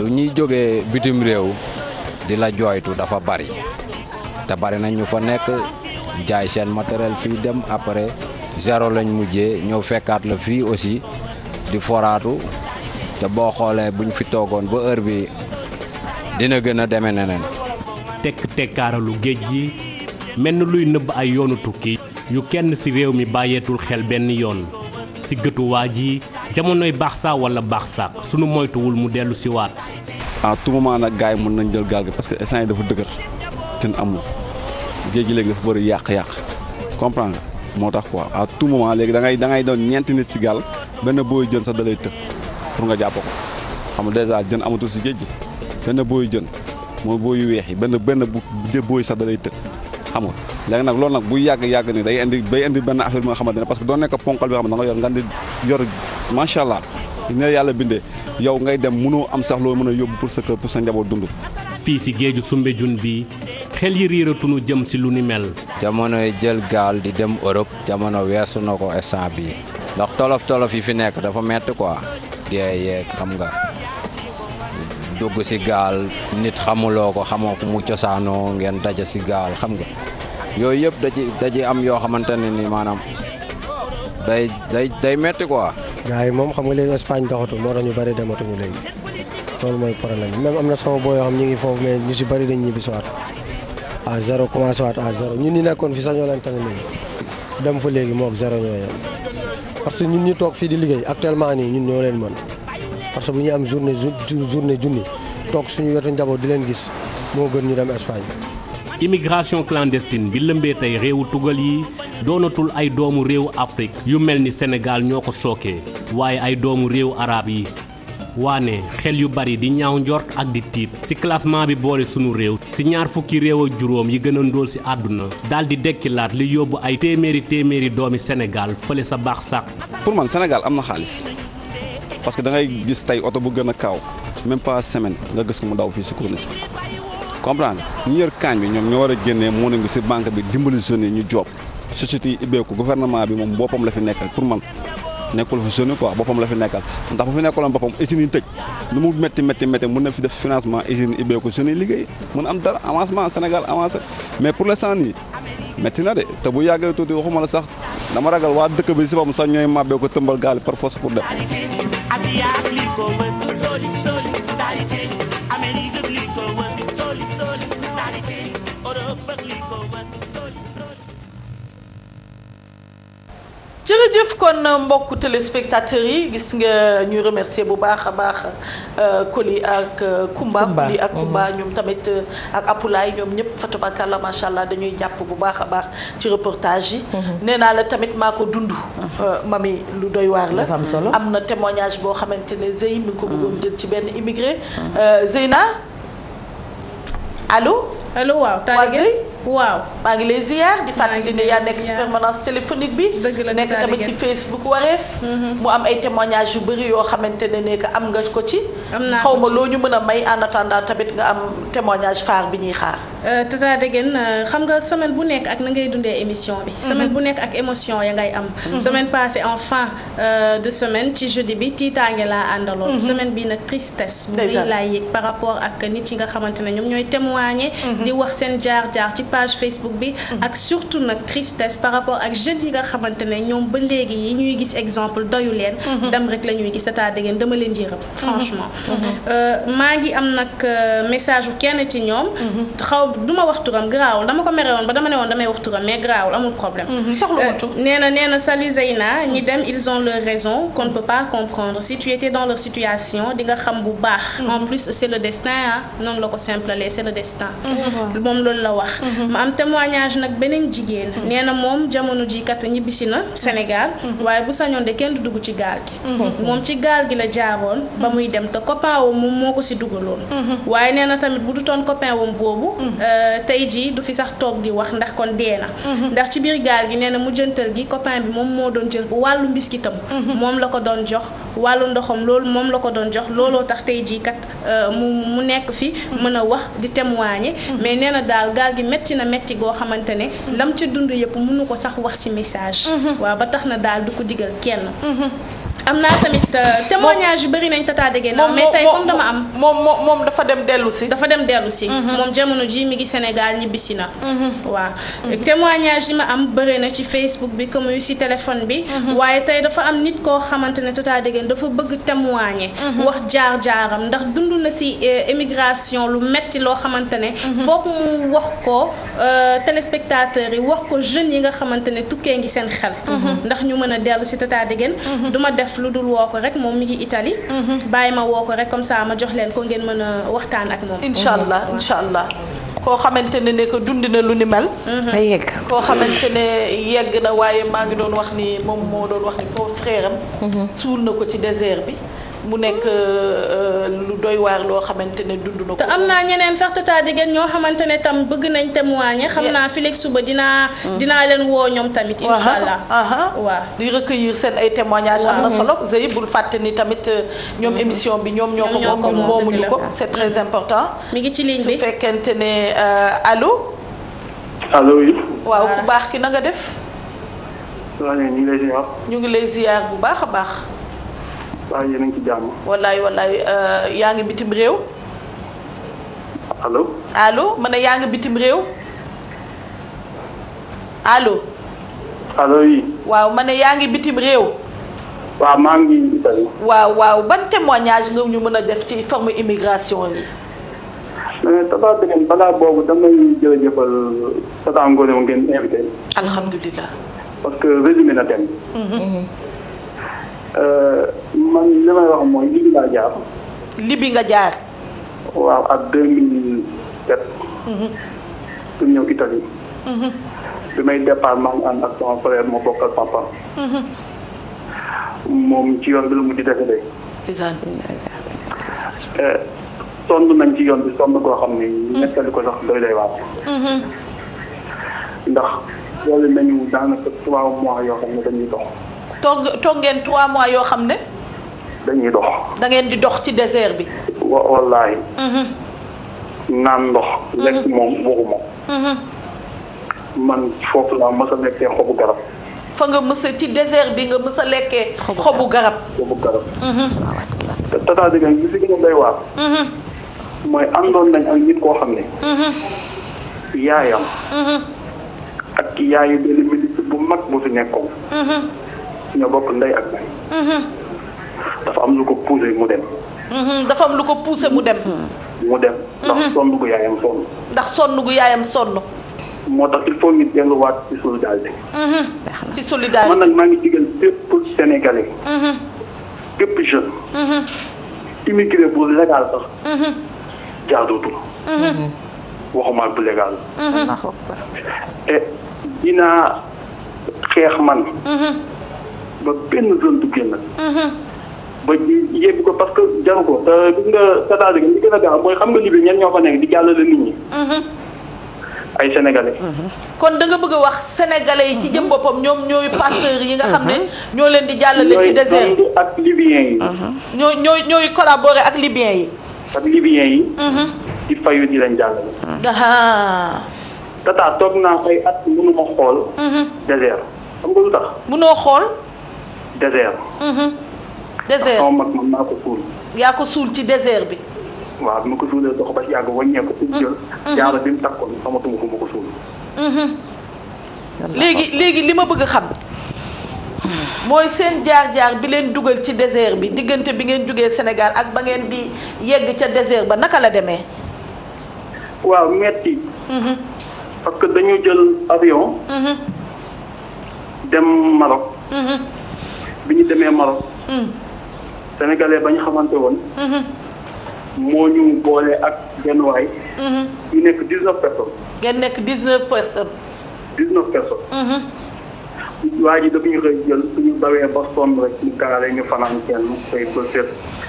ñuy jóge bitim réew di la jooytu dafa bari te bari nañ ñu fa nekk jaay seen matériel fii dem après zéro lañ mujjee ñëw fekkaat la fii aussi di foraatu. te boo xoolee bu ñu fi toogoon ba heure bi dina gën a demee neneen. tekk tekkaaralu géej gi mel ni luy nëbb ay yoonu tukki yu kenn ci réew mi bàyyeetul xel benn yoon ci gëtu ji jamonoy baax saa wala baax saak sunu moytuwul mu dellu ci waat. à tout moment nag gars yi mën nañ jël gaal gi parce que instant dafa dëgër ten amul géej gi léegi dafa bëri yàq-yàq comprendre moo tax quoi à tout moment léegi da ngay da doon ñeent nit ci gaal benn booy jën sax da lay pour nga jàpp ko xam nga dèjà jën amatul si géej gi benn booyu jën mooy booyu weex yi benn benn bu booyu sax da lay tëj xam nga léegi nag loolu nag bu yàgg yàgg ni day indi bay indi benn affaire bi nga xamante ne parce que doo nekk ponkal bi xam ne yor nga di yor macha allah ne yàlla bindee yow ngay dem mënoo am sax loo mën a yóbbu pour sa kër pour sa njaboot dund. fii si géeju Soumbédioune bi xel yi riiratunu jëm si lu ni mel. jamono jël gaal di dem Europe jamono weesu na ko instant bii fi nekk dafa metti quoi. dee yeeg xam nga dugg si gaal nit xamuloo ko xamoo ko mu cosaanoo ngeen daja si gaal xam nga yooyu yëpp da ci da am yoo xamante ne ni maanaam day day day metti quoi. gars yi moom xam nga léegi Espagne doxatul moo tax ñu bëri dematuñu léegi loolu mooy problème bi am na sama boo yoo xam ñu ngi foofu mais ñu si bari dañ ñibbi si waat à zéro commencé waat à zéro ñun ñi nekkoon fi sax ñoo leen tane léegi dem fa léegi moog zéro ñoo yem parce que ñun ñu toog fii di liggéey actuellement nii ñun ñoo leen mën parce que bu ñuy am journée journée junni toog suñu wetu njaboot di leen gis moo gën ñu dem Espagne. immigration clandestine bi lëmbee tey réewu tugal yi doonatul ay doomu réew Afrique yu mel ni Sénégal ñoo ko sookee waaye ay doomu réewu araab yi. waane xel yu bari di ñaaw njort ak di tiit ci classement bi boole sunu réew ci ñaar fukki réew ak juróom yi gën a ndóol ci àdduna daal di dekkilaat li yóbbu ay téeméeri téeméeri doomi Sénégal fële sa baax sax. pour man Sénégal am na xaalis parce que dangay gis tey oto bu gën a kaaw même pas semaine nga gis ko mu daw fii ci corniche bi comprendre nga ñu kaañ bi ñoom ñu war a génnee moo ne ngi ci banque bi dimbali jeunes yi ñu joob société yi ibbeeku gouvernement bi moom boppam la fi nekkal pour man. nekkul fi jeune quoi boppam la fi nekkal ndax bu fi nekkaloon boppam usines yi tëj lu mu métti métti métti mën na fi def financement usine ibbeeku jeunes yi liggéey mën am dara avancement Sénégal avancé mais pour l'instant nii métti na de te bu yàggee tuuti waxuma la sax dama ragal waa dëkk bi si boppam sax ñooy màbbee ko tëmbal gaal par force pour dem jërëjëf kon mbokku téléspectateurs yi gis nga ñuy remercier bu baax a baax Koli euh, ak Kumba euh, Koli ak Kumba ñoom tamit euh, ak Apulaay ñoom ñëpp fatabakàlla macha allah dañuy jàpp bu baax a baax ci reportage yi mhm. nee naa la tamit maa ko dund mami lu doy waar la am na témoignage boo xamante ne Zey mi ngi ko bëggoon mhm. jël ci benn immigré mhm. Zeyna allo waa waaw Talligueye waaw maa ngi lay ziar di fàttali ne yaa nekk ci permanence téléphonique bi nekk tamit ci Facebook wareef mhm. mu am ay témoignages yu bëri yoo xamante ne nekk am nga ko ci xaw ma loo ñu mën a may en attendant tamit nga am témoignage phare bi ñuy xaar Euh, Tata Degene euh, xam nga semaine bu nekk ak na ngay dundee émission bi. Mhm. semaine bu nekk ak émotion ya ngay am. Mhm. semaine passée en fin euh, de semaine ci jeudi bi tiitaange laa àndaloon. Mhm. semaine bi nag tristesse. bu rëy laa yëg par rapport ak nit yi nga xamante ne ñoom ñooy témoigner. di wax seen jaar jaar ci page Facebook bi. ak surtout nag tristesse par rapport ak jeunes yi nga xamante ne ñoom ba léegi yi ñuy gis exemple doyu leen. dem rek la ñuy gis Tata Degene dama leen yërëm franchement. maa ngi am nag message bu kenn ci ñoom du ma wax turam garaawul dama ko mere woon ba dama ne woon damay wax turam mais garaawul amul problème. Mhm, soxla ko euh, nee na nee na ñi dem ils ont leur raison qu'on pas comprendre si dans leur situation di nga xam bu baax. Mhm. en plus c'est le destin ah noonu la ko simplalee c'est le destin. Mhm, moom loolu la wax. ma am témoignage nag beneen jigéen. nee na moom jamono ji kat ñibbisi na Sénégal. waaye bu sañoon de kenn du dugg ci gaal gi. moom ci gaal gi la jaaroon. ba muy dem te copain woom moom ko si dugaloon. Euh, tey jii du fi sax toog di wax ndax kon dee na mhm. ndax ci biir gaal gi nee na mu jëntal gi copain bi moom moo doon jël bu wàllu mbiskitam mhm. moom la ko doon jox wàllu ndoxam loolu moom la ko doon jox looloo tax tey jii kat euh, mu mu nekk fi mhm. mën a wax di témoigner mais nee na daal gaal gi métti na métti goo xamante ne lam ca dund yëpp mënu ko sax wax ci message waaw ba tax na daal du ko digal kenn am naa tamit euh, témoignage yu bëri nañ Tata Degena. moom mais tey comme dama am. moom moom moom dafa dem dellu si. dafa dem dellu si. Mhm. moom jamono jii mi ngi Sénégal ñibbisi na. Mhm. waaw mhm. témoignage yi ma am bëri na ci Facebook bi comme yu si téléphone bi. waaye tey dafa am nit koo xamante ne Tata Degena dafa bëgg témoigner. wax jaar jaaram ndax dund na si euh, émigration lu metti loo xamante ne. foog mu wax ko euh, téléspectateurs yi wax ko jeunes yi nga xamante ne tukkee ngi seen xel. ndax ñu mën a dellu si Tata Degena. def lu dul woo ko rek moom mi ngi Italie. Mhm. bàyyi ma woo ko rek comme ça ma jox leen ko ngeen mën a waxtaan ak moom. incha allah mhm. incha allah. koo xamante ne ne dund na lu ni mel. day mhm. yegg koo xamante ne yegg na waaye maa ngi doon wax ni moom moo doon wax ni pauvre frère am. suul na ko ci désert bi. mu nekk euh, lu doy waar loo xamante ne dund na ko. te am naa ñeneen sax tata Degene ñoo xamante ne tam bëgg nañ témoigner. xam naa Félix suba dinaa. Mm. dinaa leen woo ñoom tamit. incha allah ah, ah, ah. waaw di recueillir seen ay témoignages mm. am na solo. Zey bul fàtte ni tamit euh, ñoom mm. émission bi ñoom ñoo ko. ñoom ñoo ko moomuñu ko c'est très important. mi ngi ci ligne bi su fekkente ne euh, allo. allo yi. waaw ku baax ki na nga def. ñu ngi lay ziar. ngi lay ziar bu baax a baax. waaw yéen a ngi ci jàmm. wallaay wallaay euh, yaa ngi bitim réew. allo. allo ma ne yaa ngi bitim réew. allo. alo yi. waaw ma ne yaa ngi bitim réew. waaw maa ngi Italie. waaw waaw ban témoignage nga ñu mën a def ci forme immigration yi. Tata Birame balaa boobu damay jërëjëfal Tata Ngoné ngeen invité. alhamdulilah. parce que résumé na thème. Mhm. Mhm. Euh, man li may wax mooy libi laa jaar. libi nga jaar. waaw ak 2007. Mhm. pour ñëw Italie. Mhm. bi may départ maa ngi ak sama frère mhm. moom ci yoon bi la mujj defee. Euh, sonn nañ ci yoon bi sonn koo xam ne. nettali ko sax doy doy waat. ndax loolu nañu daanaka trois mois yoo xam ne dañuy dox. toog toog ngeen 3 mois yoo xam ne. dañuy dox. dangeen di dox ci désert bi. wa wallaahi. Mhm. naan ndox. Mhm. lekk moom waxuma. Mhm. man foofu laa mës a xobu garab. fa nga mës ci désert bi nga mës a lekkee. xobu garab xobu garab. te tataa dégg li si gën a doy mooy àndoon nañ ak nit koo xam ne. yaayam. ak yaayu benn ministre bu mag bu fi nekkoon. ñoo bokk ndey ak baay. Mhm. dafa am lu ko poussé mu dem. Mhm, dafa am lu ko pose mu dem. mu dem. ndax mhm. sonn gu yaayam sonn. ndax sonn gu yaayam sonn. moo tax il faut ñu delluwaat ci solidarité. ci solidarité man nag maa ngi digal bépp sénégalais. bépp jeune. immigré bu légal sax. jaadootul. waxumaa bu légal. et eh, dinaa xeex man. ba benn zone du génn. Mhm. ba yéeg ko parce que jaru ko te gis nga c'est-à-dire li gën a di jàllale nit ñi. Mhm. ay sénégalais. Mhm. kon danga bëgg a wax sénégalais yi ci jëm boppam ñoom ñooy passeurs yi nga xam ne ñoo leen di jàllale ci désert ak libyens yi. ñoo ñooy ñooy collaborer ak libyens yi. ak libyens yi. di fayu di leen jàllale. tata toog naa ay at mënuma xool. désert xam nga lu tax. mënoo xool. désert. Mhm. désert sama suul. ci désert bi. waaw bi ma ko suulee dox ba yàgg wàññeeku. suñ mhm. jël mhm. jaara bi mu takkoon xamatuma fu ma ko suul. léegi léegi li ma bëgg a xam. mooy seen jaar-jaar bi leen dugal ci désert bi diggante bi ngeen jógee Sénégal ak ba ngeen di yegg ca désert ba naka la demee. waaw metti parce que dañu jël avion. dem Maroc. bi ñu demee Maroc. Mm. sénégalais ba ñu xamante woon. Mm-hmm. moo ñu boolee ak benn waay. Mm-hmm. ñu nekk dix neuf personnes. ngeen nekk dix neuf personnes. dix neuf personnes. Mm-hmm. waa ji dafa ñu koy jël ñu bawee ba somb rek ñu garale ñu fanaan kenn koy ko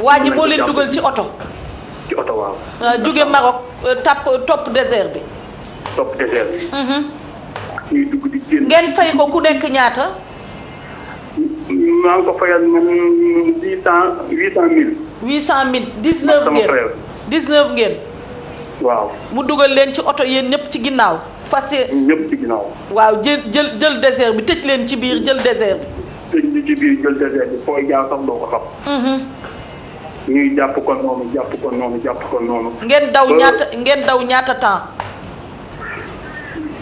waa ji moo leen dugal ci oto. ci oto waaw. jóge euh, Maroc euh, tàpp topp désert bi. topp désert bi. ñuy dugg di génn. ngeen fay ko ku nekk ñaata. maa ngi ko fayal man dix cent huit cent mille. huit cent mille dix neuf ngeen dix ngeen. waaw mu dugal leen ci oto yéen ñëpp ci ginnaaw. fas yéen ñëpp ci ginnaaw. waaw jël jël jël désert bi tëj leen ci biir jël désert bi. tëj ñu ci biir jël désert bi fooy jaar sax doo ko xam. Mhm. ñuy jàpp ko noonu jàpp ko noonu jàpp ko noonu. ngeen daw ñaata ngeen daw ñaata temps.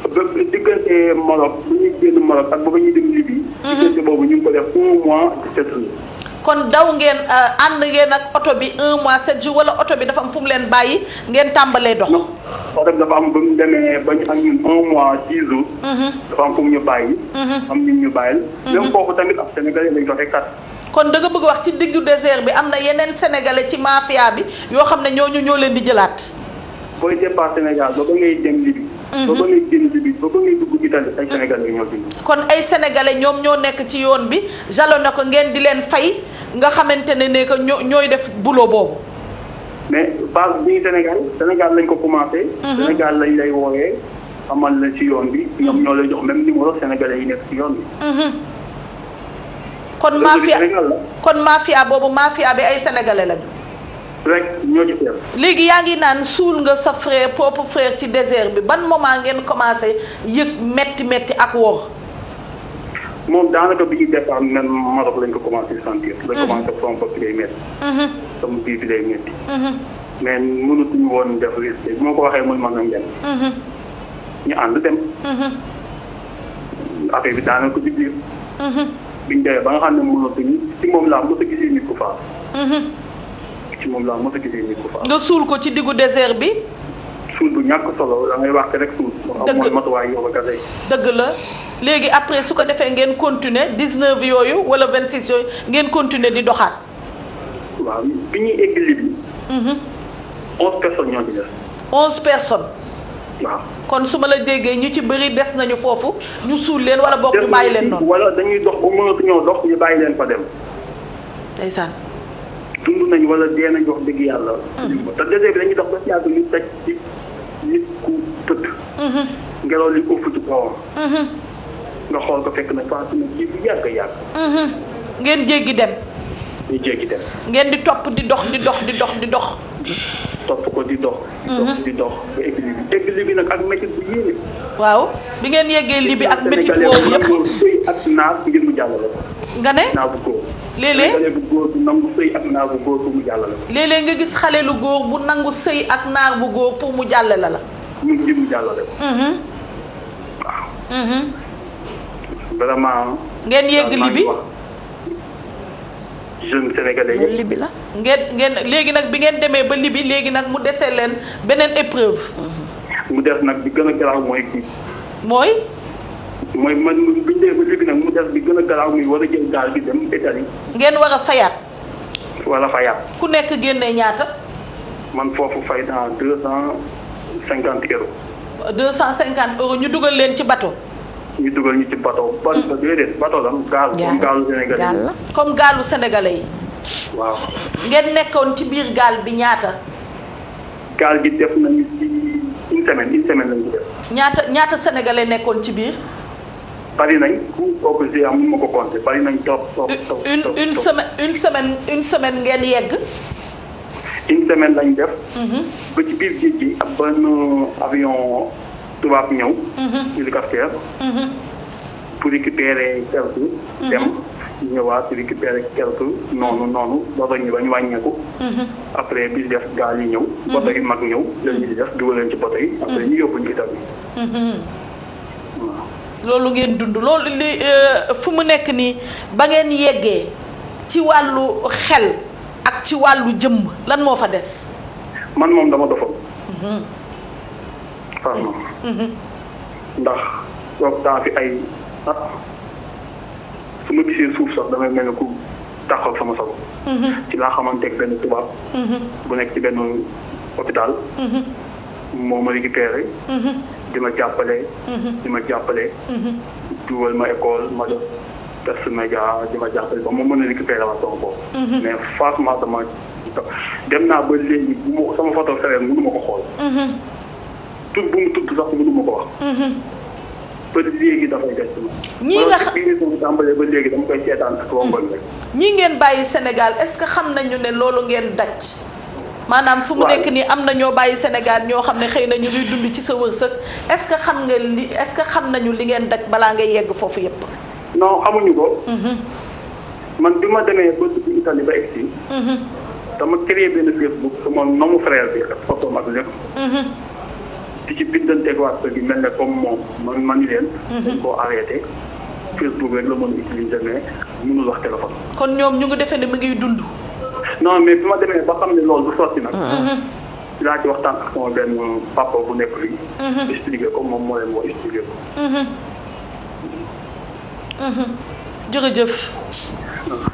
ba diggante Maroc bu ñuy génn Maroc ak ba ba ñuy dem Libye. Mhm. diggante boobu ñu ngi ko def un mois sept jours. kon daw ngeen euh, ànd ngeen ak oto bi un mois sept jours wala oto bi dafa am fu leen bàyyi ngeen tàmbalee dox. oto bi dafa am ba mu ba ñu am ñun un mois six jours. Mhm. dafa am fu ñu bàyyi. Mhm. am foofu tamit ab Sénégalais lañ joxe kat. kon da nga bëgg wax ci diggu désert bi am na yeneen sénégale ci mafia bi yoo xam ne ñooñu ñoo leen di jëlaat. booy départ Sénégal ba ba ngay dem Libye. ba ba mhm. ngay génn bi ba ba ngay dugg Italie ay sénégalais ñoo fi kon ay sénégalais ñoom ñoo nekk ci yoon bi na ko ngeen di leen fay nga xamante ne ne que ñoo ñooy def boulot boobu. mais base bi Sénégal Sénégal lañ ko commencé. Mhm. Sénégal lañ lay wooyee amal na ci yoon bi. Mhm. ñoom ñoo lay jox même numéro sénégalais yi nekk ci yoon bi. kon mafia kon mafia boobu mafia bi ay sénégalais lañu. rek ñoo ci teew. léegi yaa ngi naan suul nga sa frère propre frère ci désert bi ban moment ngeen commencé yëg metti metti ak wor moom daanaka bi ñuy départ man Maroc lañ ko commencé sentir. Mhm. la commencé sama bopp day bi day métti. Mhm. mais mënatuñu woon def moo ko waxee muy mën a ngeen. ñu ànd dem. Mhm. affaire bi daanaka ci biir. biñ demee ba nga xam ne mënatuñu ci moom laa mos a gisee nit ku faatu. ci moom laa mos a gisee nga suul ko ci diggu désert bi. suul bu ñàkk solo da ngay wax rek suul. dëgg matuwaay yoo ko gasee. dëgg la léegi après su ko defee ngeen continuer 19 yooyu wala 26 yooyu ngeen continuer di doxaat. waaw bi ñuy egg Libye. 11 mhm. personnes ñoo ci des. 11 personnes. kon su ma la déggee ñu ci bëri des nañu foofu ñu suul leen wala bokk ñu bàyyi leen noonu. wala dañuy dox ba mënatu ñoo dox ñu bàyyi leen fa dem. ndeysaan. dund nañ wala dee nañ wax dëgg yàlla. Mm-hmm. te désert bi dañuy dox ba si yàgg ñu teg ci nit ku tëdd. Mm-hmm. ngelaw li ëpp ci kawam. Mm-hmm. nga xool ko fekk na faatu na ji yàgg a yàgg. ngeen jéggi dem. ñu jéggi dem. ngeen di topp di dox di dox di dox di dox. topp ko di dox. di dox mhm. ba egg libi waaw bi ngeen yeggee libi ak métit boobu yëpp sëy ak nga ne naa bu góor. léeg-léeg xale bu ko. léeg-léeg nga gis xale lu góor bu nangu sëy ak naar bu góor pour mu jàllale la. mu mhm. mhm. ngir ngeen yegg libi. jeune sénégalais yi. libi la ngeen ngeen léegi nag bi ngeen demee ba libi léegi nag mu desee leen beneen épreuve. Mm-hmm. mu des nag bi gën a garaaw mooy kii. mooy. mooy man bi ñu demee ba libi nag mu des bi gën a garaaw muy war a jël gaal gi dem Italie. ngeen war a fayaat. wala fayaat. ku nekk génnee ñaata. man foofu fay dans deux cent cinquante euros. deux cent cinquante euros ñu dugal leen ci bateau. ñu dugal ñu ci bateau. Mm. bateau déedéet bateau la gaal. comme gaalu sénégalais yi comme gaalu sénégalais yi. waaw. ngeen nekkoon ci biir gaal bi ñaata. gaal gi def nañu ci une semaine une semaine lañu def. ñaata ñaata sénégalais nekkoon ci biir. bari nañ ku obligé am nu ma ko compter bari nañ trop trop trop une une semaine une semaine une semaine ngeen yegg. une semaine lañ def. Mm-hmm. ba ci biir géej gi ab benn avion. tubaab ñëw. hélicoptère. Mhm. Mhm. pour récupérer quelque. Mhm. dem ñëwaat récupérer quelque noonu noonu bato ba ñu wàññeeku. après bi def gaal yi ñëw. bato yi mag ñëw leen ñu di def dugal leen ci bato yi. après ñu yóbbuñu itam. loolu ngeen dund loolu li euh, fu mu nekk nii ba ngeen yeggee ci wàllu xel ak ci wàllu jëmm lan moo fa des. man moom dama dofoon. farlu. ndax toog naa fi ay at su ma gisee suuf sax damay mel ne ku taxaw sama sago. ci laa xamante ne benn tubaab. bu nekk ci benn hôpital. moo ma récupéré. di ma jàppale. di ma jàppale. dugal ma école di ma jàppale ba ma mën a récupéré waat sama bopp. mais franchement dama dem naa ba léegi bu ma sama photo frère mënu ma ko xool. tur bu mu tudd mu mënu ma ko wax. Mhm. ba léegi dafay des. ñii nga xam tàmbalee ba léegi dama koy seetaan ak wongoñ rek. Mhm. ñii ngeen bàyyi Sénégal est-ce que xam nañu ne loolu ngeen daj. maanaam fu mu nekk am na ñoo bàyyi Sénégal ñoo xam ne xëy na ñu ngi dund ci sa wërsëg ce que xam nga li est-ce que xam nañu li ngeen daj balaa ngay yegg foofu yépp non xamuñu ko. Mhm. man bi ma demee ba dugg Italie ba egg benn Facebook sama nomu frère bi ak photo mag lépp. di ci bindanteeg waa kër gi mel ne comme moom man man ñu leen. Mhm. dañ koo arrêté Facebook rek la mën a utiliser mais mënul wax téléphone. kon ñoom ñu ngi defee ne mu ngi dund. non mais bi ma demee ba xam ne loolu sotti nag. laa mhm. mhm. ci waxtaan ak sama benn papa bu nekk fii. expliqué ko moom moo leen moo expliqué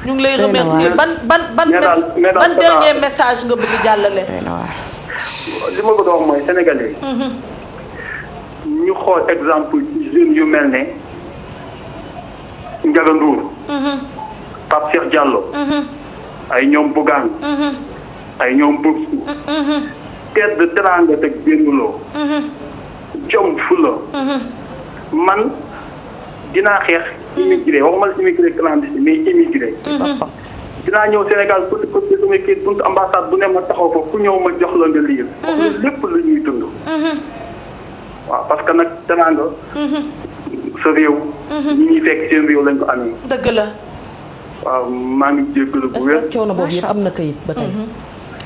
ñu ngi lay remercier ban ban ban. ban dernier message nga bëgg jàllale. li ma bëgg wax mooy sénégalais mhm. ñu xool exemple jeunes yu mel ne Ndiaga Ndour. Mhm. Pape Cheikh mhm. ay ñoom Bougane. ay ñoom Boubou. Mm, tedd teraanga teg génnuloo. jom fula. man dinaa xeex immigré waxuma la immigré clandestin mais immigré. dinaa ñëw Sénégal côté côté sama bu ne ma taxaw fa ku ñëw ma jox la nga lire. Mhm. lépp lu ñuy dund. Mhm. waaw parce que nag teraanga. Mhm. sa réew. ñi ñuy fekk seen réew lañ ko amee. dëgg la. waaw maa ngi jéggalu bu wér. coono boobu yëpp am na kayit ba tey.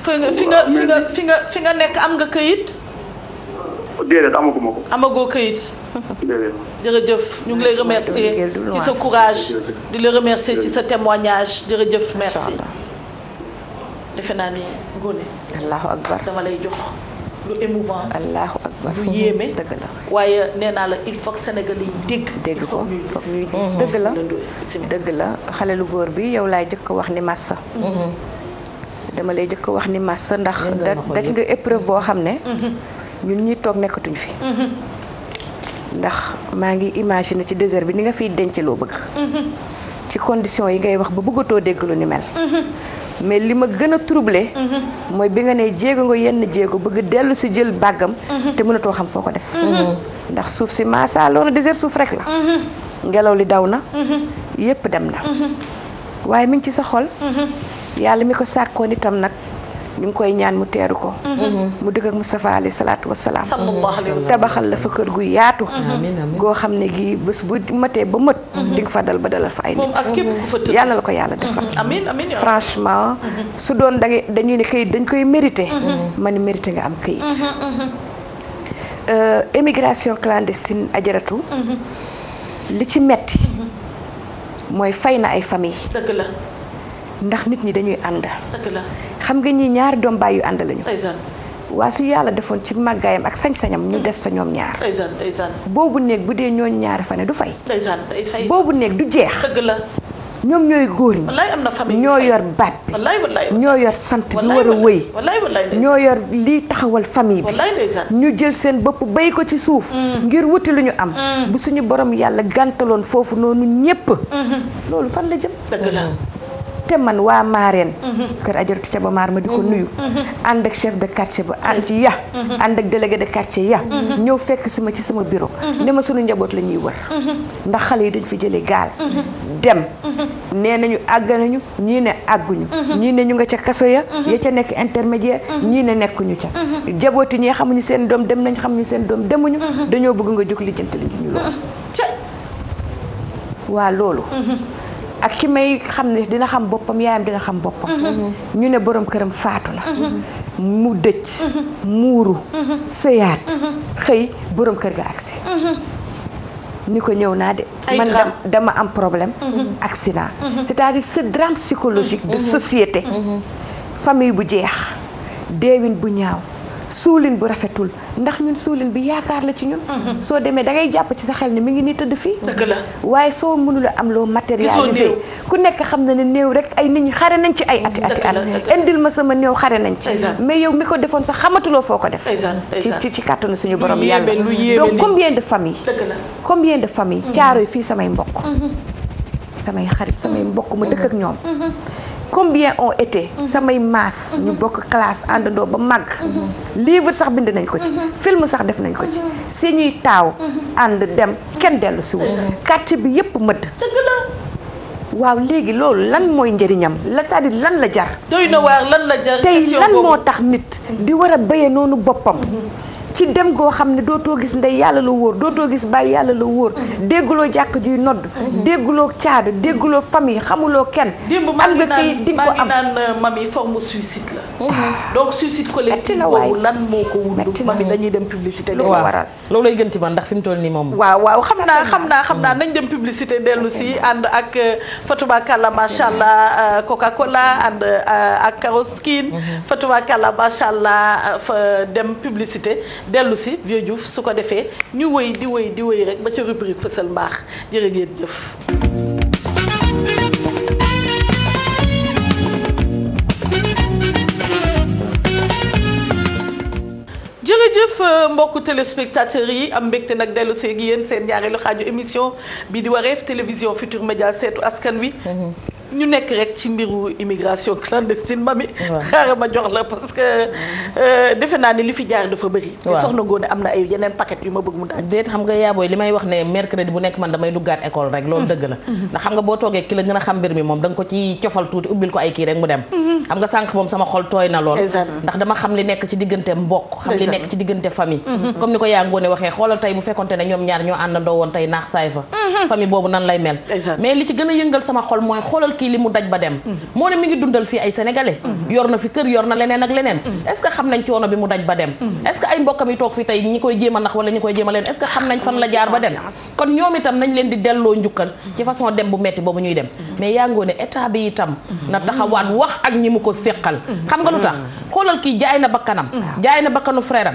fi nga fi nga fi nga fi nga nekk am nga kayit. déedéet amaguma ko. amagoo kayit. ñu ngi lay remercier ci sa courage. di la remercier ci sa témoignage jërëjëf. merci defe naa ni Ngoné. allahu akbar dama lay jox. lu émouvant allahu akbar dëgg la waaye nee naa la il faut que Sénégal yi dégg dégg ko foog ñuy gis mmh. dëgg la mmh. Mmh. dëgg la xale lu góor bi yow laay jëkk wax ni massa dama lay jëkk wax ni massa ndax daj nga épreuve boo xam ne ñun ñi toog nekkatuñ fi. ndax maa ngi na ci désert bi ni nga fiy denc loo bëgg. ci condition yi ngay wax ba bëggatoo dégg lu ni mel. mais li ma gën a troublé. mooy bi nga ne jéego nga yenn jéego bëgg dellu si jël bàggam. te mënatoo xam foo ko def. ndax suuf si maasaa loolu désert suuf rek la. ngelaw li daw na. yépp dem na. waaye mi ci sa xol. yàlla mi ko sàkkoon itam nag. ñu ngi koy ñaan mu teeru ko mm-hmm. mu dëkk ak Moustapha alayhi salaatu wasalaam tabaxal la fa kër gu yaatu goo xam ne gi bés bu matee ba mat mm-hmm. di nga fa dal ba dalal fa ay nit yàlla la ko yàlla defal mm-hmm. franchement su doon da dañuy ne kayit dañ koy mérité ma ni mérité nga am kayit euh, émigration clandestine ajaratu li ci metti mooy fay na ay famille dëgg ndax nit ñi dañuy ànd. xam nga ñi ñaari doom baay yu ànd lañu. waa su yàlla defoon ci màggaayam ak sañ-sañam ñu des fa ñoom ñaar. boobu néeg bu dee ñoo ñaari fa ne du fay. boobu néeg du jeex. ñoom ñooy góor ñi ñoo yor baat bi ñoo yor sant bi war a wëy ñoo yor lii taxawal famille bi ñu jël seen bopp bay ko ci suuf mm. ngir wuti lu ñu am mm. bu suñu borom yàlla gàntaloon foofu noonu ñépp mm-hmm. loolu fan la jëm te man waa Marène. Mhm. kër Ajaratu Thiaba Maar ma di ko mhm. nuyu. Mhm. ànd ak chef de quartier ba ànd ya. ànd ak délégué de quartier ya. ñëw fekk si ma ci sama bureau. ne ma sunu njaboot la ñuy wër. ndax xale yi dañ fi jëlee gaal. dem nee nañu àgg nañu ñii ne àgguñu. ñii ne ñu nga ca kaso ya. ya ca nekk intermédiaire ñii ne nekkuñu ca. njaboot yi ñee xamuñu seen doom dem nañ xamuñu seen doom demuñu. dañoo bëgg nga jóg lijjanti ñu loolu. waa loolu. ak ki may xam ne dina xam boppam yaayam dina xam boppam mm-hmm. Mm-hmm. ñu ne boroom këram faatu la mm-hmm. mu dëj muuru sëyaat xëy borom kër ga agsi ni ko ñëw naa de man dama am problème accident c'est-à-dire ce psychologique de société famille bu jeex deewin bu ñaaw suulin bu rafetul ndax ñun suulin bi yaakaar la ci ñun. Mhm. soo demee da ngay jàpp ci sa xel ne mi ngi nii tëdd fii. dëgg la waaye soo mënula am loo matérialisé. ku nekk xam na ne néew rek ay nit ñi xare nañ ci ay ati ati at. indil ma sama néew xare nañ ci. mais yow mi ko defoon sax xamatuloo foo ko def. ci ci kàttanu suñu borom yàlla. donc combien de famille. comme la combien de famille. Mhm. caaro yi fii samay mbokk. Mhm. samay xarit samay mbokk ma dëkk ak ñoom. combien ont été mhm. samay maas mhm. ñu bokk classe àndandoo ba màgg mhm. livre sax bind nañ ko ci film sax def nañ ko ci suñuy taaw ànd dem kenn dellu si wul quartier bi yépp mëdd waaw léegi loolu lan mooy njëriñam la cest lan la jar doy lan la jar tey lan moo tax nit di war a béye noonu boppam ci dem goo xam ne dootoo gis ndey yàlla la wóor dootoo gis bàyyi yàlla la wóor dégguloo jàkk juy nodd dégguloo caada dégguloo famille xamuloo kenn am nga kay di ko am naan euh, mami forme suicide la mm-hmm. ah. donc suicide collectif boobu lan moo ko wund mami dañuy dem publicité loolu waral loolu lay gën ci ndax fi mu toll nii moom waaw waaw xam naa xam naa xam naa mm. nañ dem publicité dellu si mm. ànd ak euh, Fatou Bakala macha allah euh, Coca Cola ànd ak Karoskin mm-hmm. Fatou Bakala macha allah fa dem publicité dellusi si Vieux su ko defee ñu wëy di wëy di wëy rek ba ca rubrique fësal mbaax jërë ngeen jëf jërëjëf euh, mbokku téléspectateurs yi am mbégte nag dellu see gi yéen seen ñaareelu xaaju émission bi di wareef télévision Futur Média seetu askan wi mm-hmm. ñu nekk rek ci mbiru immigration clandestine ma mi xaaral ma jox la parce que euh, defe naa ni li fi jaar dafa bëri te soxna Ngoné am na ay yeneen paquet yu ma bëgg mu daaj déet xam nga yaabooy li may wax ne mercredi bu nekk man damay duggaat école rek loolu mm-hmm. dëgg la mm-hmm. ndax xam nga boo toogee ki la gën a xam mbir mi moom da ko ci cofal tuuti ubbil ko ay kii rek mu dem mm-hmm. xam nga sànq moom sama xol tooy na lool ndax dama xam li nekk ci diggante mbokk xam li nekk ci diggante famille kii li mu daj ba dem moo ne mi ngi dundal fii ay sénégalais yor na fi kër yor na leneen ak leneen est xam nañ coono bi mu daj ba dem est ay mbokkam yi toog fi tey ñi koy jéem a nax wala ñi koy jéem a leen est xam nañ fan la jaar ba dem kon ñoom itam nañ leen di delloo njukkal ci façon dem bu metti boobu ñuy dem mais yaa ngoone état bi itam na taxawaat wax ak ñi mu ko séqal xam nga lu tax xoolal kii jaay na bakkanam jaay na bakkanu frère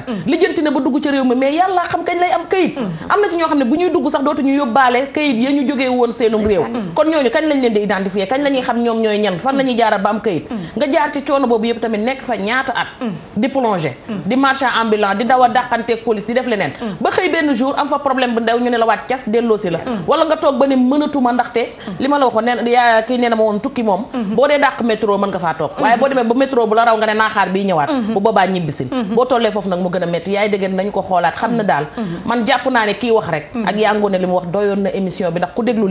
am kañ la xam ñoom ñooy ñan fan la ñuy ba am kayit mm. nga jaar ci coono boobu yëpp tamit nekk fa ñaata at mm. di plongé mm. di marchand ambulant di daw a dàqanteeg police di def leneen ba xëy benn jour am fa problème bu ndaw li ma la waxoon mm-hmm. mm-hmm. waaye boo demee ba métro bu la raw nga ne naaxaar bii ñëwaat mm-hmm. bu boobaa ñibbisil boo tollee foofu nag mu gën a metti yaay dëggeen nañ ko xoolaat xam ne daal man jàpp naa ne kii wax rek ak yaa ngoone li mu wax doyoon na émission bi ndax ku déglu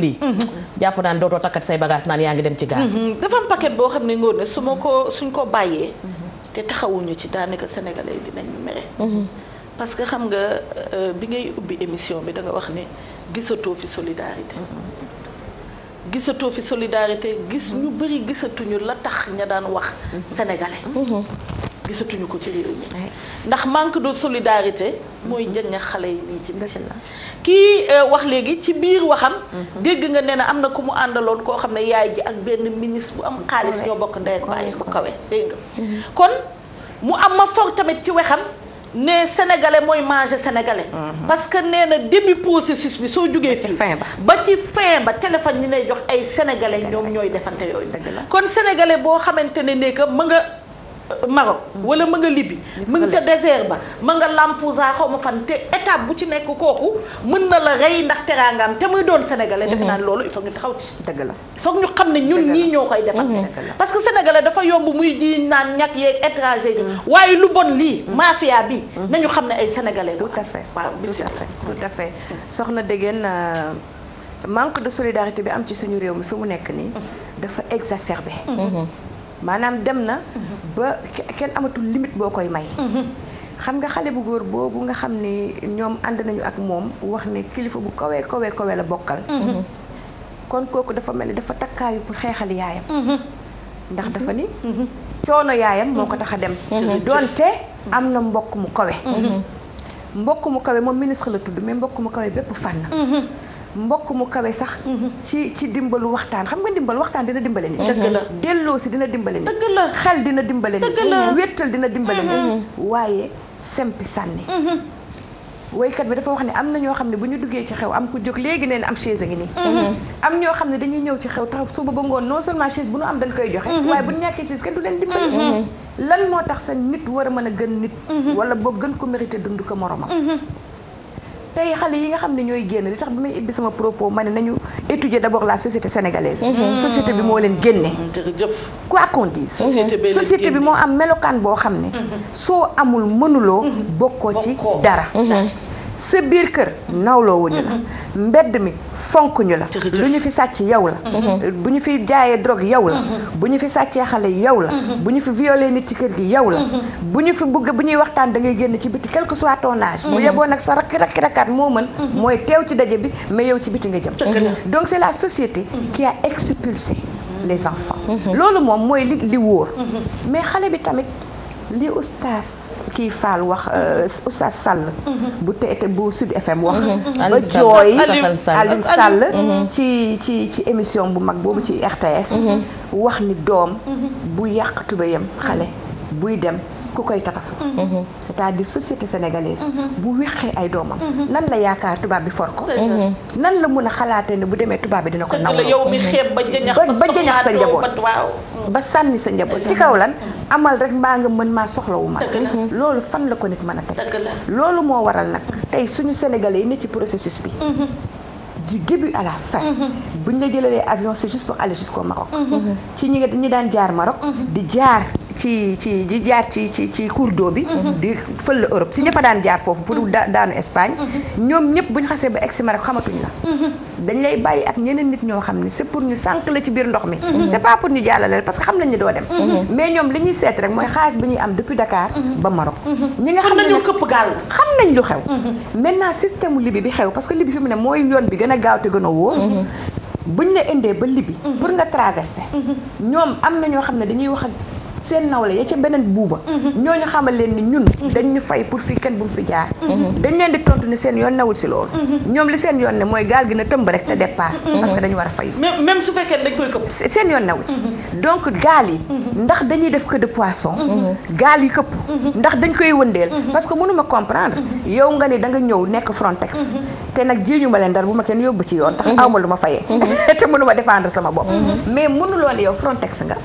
yaa ngi dem ci gaal. Mhm. dafa am boo xam ne ngóor na su ma ko suñ ko bàyyee. Mhm. te taxawuñu ci daanaka sénégalais yi dinañu mere. Mhm. parce que xam nga euh, bi ngay ubbi émission bi da nga wax ne gisatoo fi solidarité. gisatoo fi solidarité gis ñu bëri gisatuñu la tax ña daan wax sénégalais. gisatuñu ko ci réew mi ndax manque de solidarité mooy mm-hmm. jëñ xale yi nii ci biti kii euh, wax léegi ci biir waxam mm-hmm. dégg nga nee na am na ku mu àndaloon koo xam ne yaay ji ak benn ministre bu am xaalis ñoo bokk ndey ak ko bu kawe mm-hmm. kon mu am ma foog tamit ci wexam ne senegale mooy manger sénégalais. parce que nee na début processus bi soo jugee fii. ba ci fin ba téléphone ñi lay jox ay sénégalais ñoom ñooy defante yooyu. kon sénégalais boo xamante ne ne que nga. Maroc wala ma nga Libye ma nga ca désert ba ma nga Lampedusa xaw ma fan te état bu ci nekk kooku mën na la rey ndax teraangaam te muy doon sénégalais mhm. defe naan loolu il faut ñu taxaw ci dëgg la il faut xam ne ñun ñii ñoo koy defal mhm. parce que sénégalais dafa yomb muy ji naan ñàkk yeeg étranger yi mhm. waaye lu bon lii mafia bi nañu xam ne ay sénégalais tout à fait waaw tout à fait soxna na euh, manque de solidarité bi am ci suñu réew mi fi mu nekk nii dafa exacerbé maanaam dem na ba kenn amatul limite boo koy may xam nga xale bu góor boobu nga xam ni ñoom ànd nañu ak moom wax ne kilifa bu kawee kawee kawee la bokkal kon kooku dafa mel ni dafa takkaayu pour xeexal yaayam ndax dafa ni coono yaayam moo ko tax a dem doonte am na mbokk mu kawe mbokk mu kawe moom ministre la tudd mais mbokk mu kawe bépp fànn mbokk mu kawee sax mhm. ci ci dimbalu waxtaan xam nga dimbal waxtaan dina dimbale ni dëgg la delloo si dina dimbale ni dëgg la xel dina dimbale ni dëgg mhm. dina dimbale ni mhm. waaye sempi sànni woykat bi dafa wax ne am na ñoo xam ne bu ñu duggee ci xew am ku jóg léegi neen am chaise a ngi nii am ñoo xam ne dañuy ñëw ci xew taxaw suba ba ngoon non seulement chaise bu nu am dañ koy joxe waaye bu ñàkkee chaise kenn du leen dimbali lan moo tax seen nit war a mën a gën nit wala boo gën ko dund ko moromam tey xale yi nga xam ne ñooy génn li tax bi may ibbi sama propos ma ne nañu étudier d'abord la société sénégalaise. Mhm. Mhm. société bi moo leen génne. Mhm, jërëjëf quoi qu'on dise. société bi moo am melokaan boo xam ne. soo amul mënuloo bokkoo ci dara. sa biir kër nawloowuñu la mm-hmm. mbedd mi fonk ñu la lu ñu fi sàcc yow la mm-hmm. bu ñu fi jaayee drogue yow la mm-hmm. bu ñu fi sàccee xale yow la bu ñu fi violé nit ci kër gi yow la bu ñu fi bugg bu ñuy waxtaan da ngay génn ci biti quel que soit ton âge bu yeboo nag sa rakki rakki rakkaat moo mën mooy teew ci daje bi mais yow ci biti nga jëm donc c'est la société qui a expulsé les enfants loolu moom mooy li li wóor mais xale bi tamit li oustaz kii Fall wax euh, oustaz Sall. Mhm. bu teete bu Sud FM wax. Mhm. ba jooy Alioune mhm. ci ci ci émission bu mag boobu ci RTS. wax ni doom. bu yàq tubéyam xale buy dem. ku koy tataf mm-hmm. mm-hmm. c'est-à-dire société sénégalaise mm-hmm. bu wexee ay doomam nan la yaakaar tubaab bi for ko nan la mun a xalaatee ne bu demee tubaab bi dina ko naw yow mi xeeb ba jëñax sa njaboot ba sànni sa njaboot ci kaw lan amal rek mbaa nga mën maa soxlawu ma loolu fan la ko nit mën a teg loolu moo waral nag tey suñu sénégalais yi ne ci processus bi du début à la fin bu ñu la jëlalee avion c'est juste pour aller jusqu'au Maroc ci ñi nga ñi daan jaar Maroc di jaar ci ci di jaar ci ci ci cours d'eau bi mhm. di fël la Europe si ñëppa daan jaar foofu pour mhm. daanu Espagne mhm. ñoom ñëpp bu ñu xasee ba egsi Maroc xamatuñ la dañ lay bàyyi ak ñeneen nit ñoo xam ne c'est pour ñu sànq la ci biir ndox mi c'est pas pour ñu jàllale parce que xam nañ ne dem mais ñoom li seet rek mooy xaalis bi ñuy am depuis Dakar ba Maroc ñi nga xam ne ñoo këpp gaal xam lu xew maintenant système Libye bi xew parce que libi fi mu ne mooy yoon bi gën a gaaw te gën a bu ñu la indee ba Libye pour nga traverser ñoom am na ñoo xam ne dañuy wax seen nawle ya ca beneen buuba mhm. ñooñu xamal leen ñun mhm. dañ fay pour fii kenn bu mu fi jaar mhm. dañ leen di tontu ni seen yoon newul si loolu ñoom li seen yoon ne mooy gaal gi na tëmb rek te départ parce que dañu war a fay même su fekkee dañ koy këpp seen yoon newu ci donc gaal yi ndax dañuy def queue de poisson gaal yi këpp ndax dañ koy wëndeel parce que mënuma comprendre yow nga ni danga ñëw nekk Frontex te nag jiiñu ma leen dara bu ma kenn yóbbu ci yoon tax aw ma lu ma fayee te mënuma défendre sama bopp mais mënuloo ne yow Frontex nga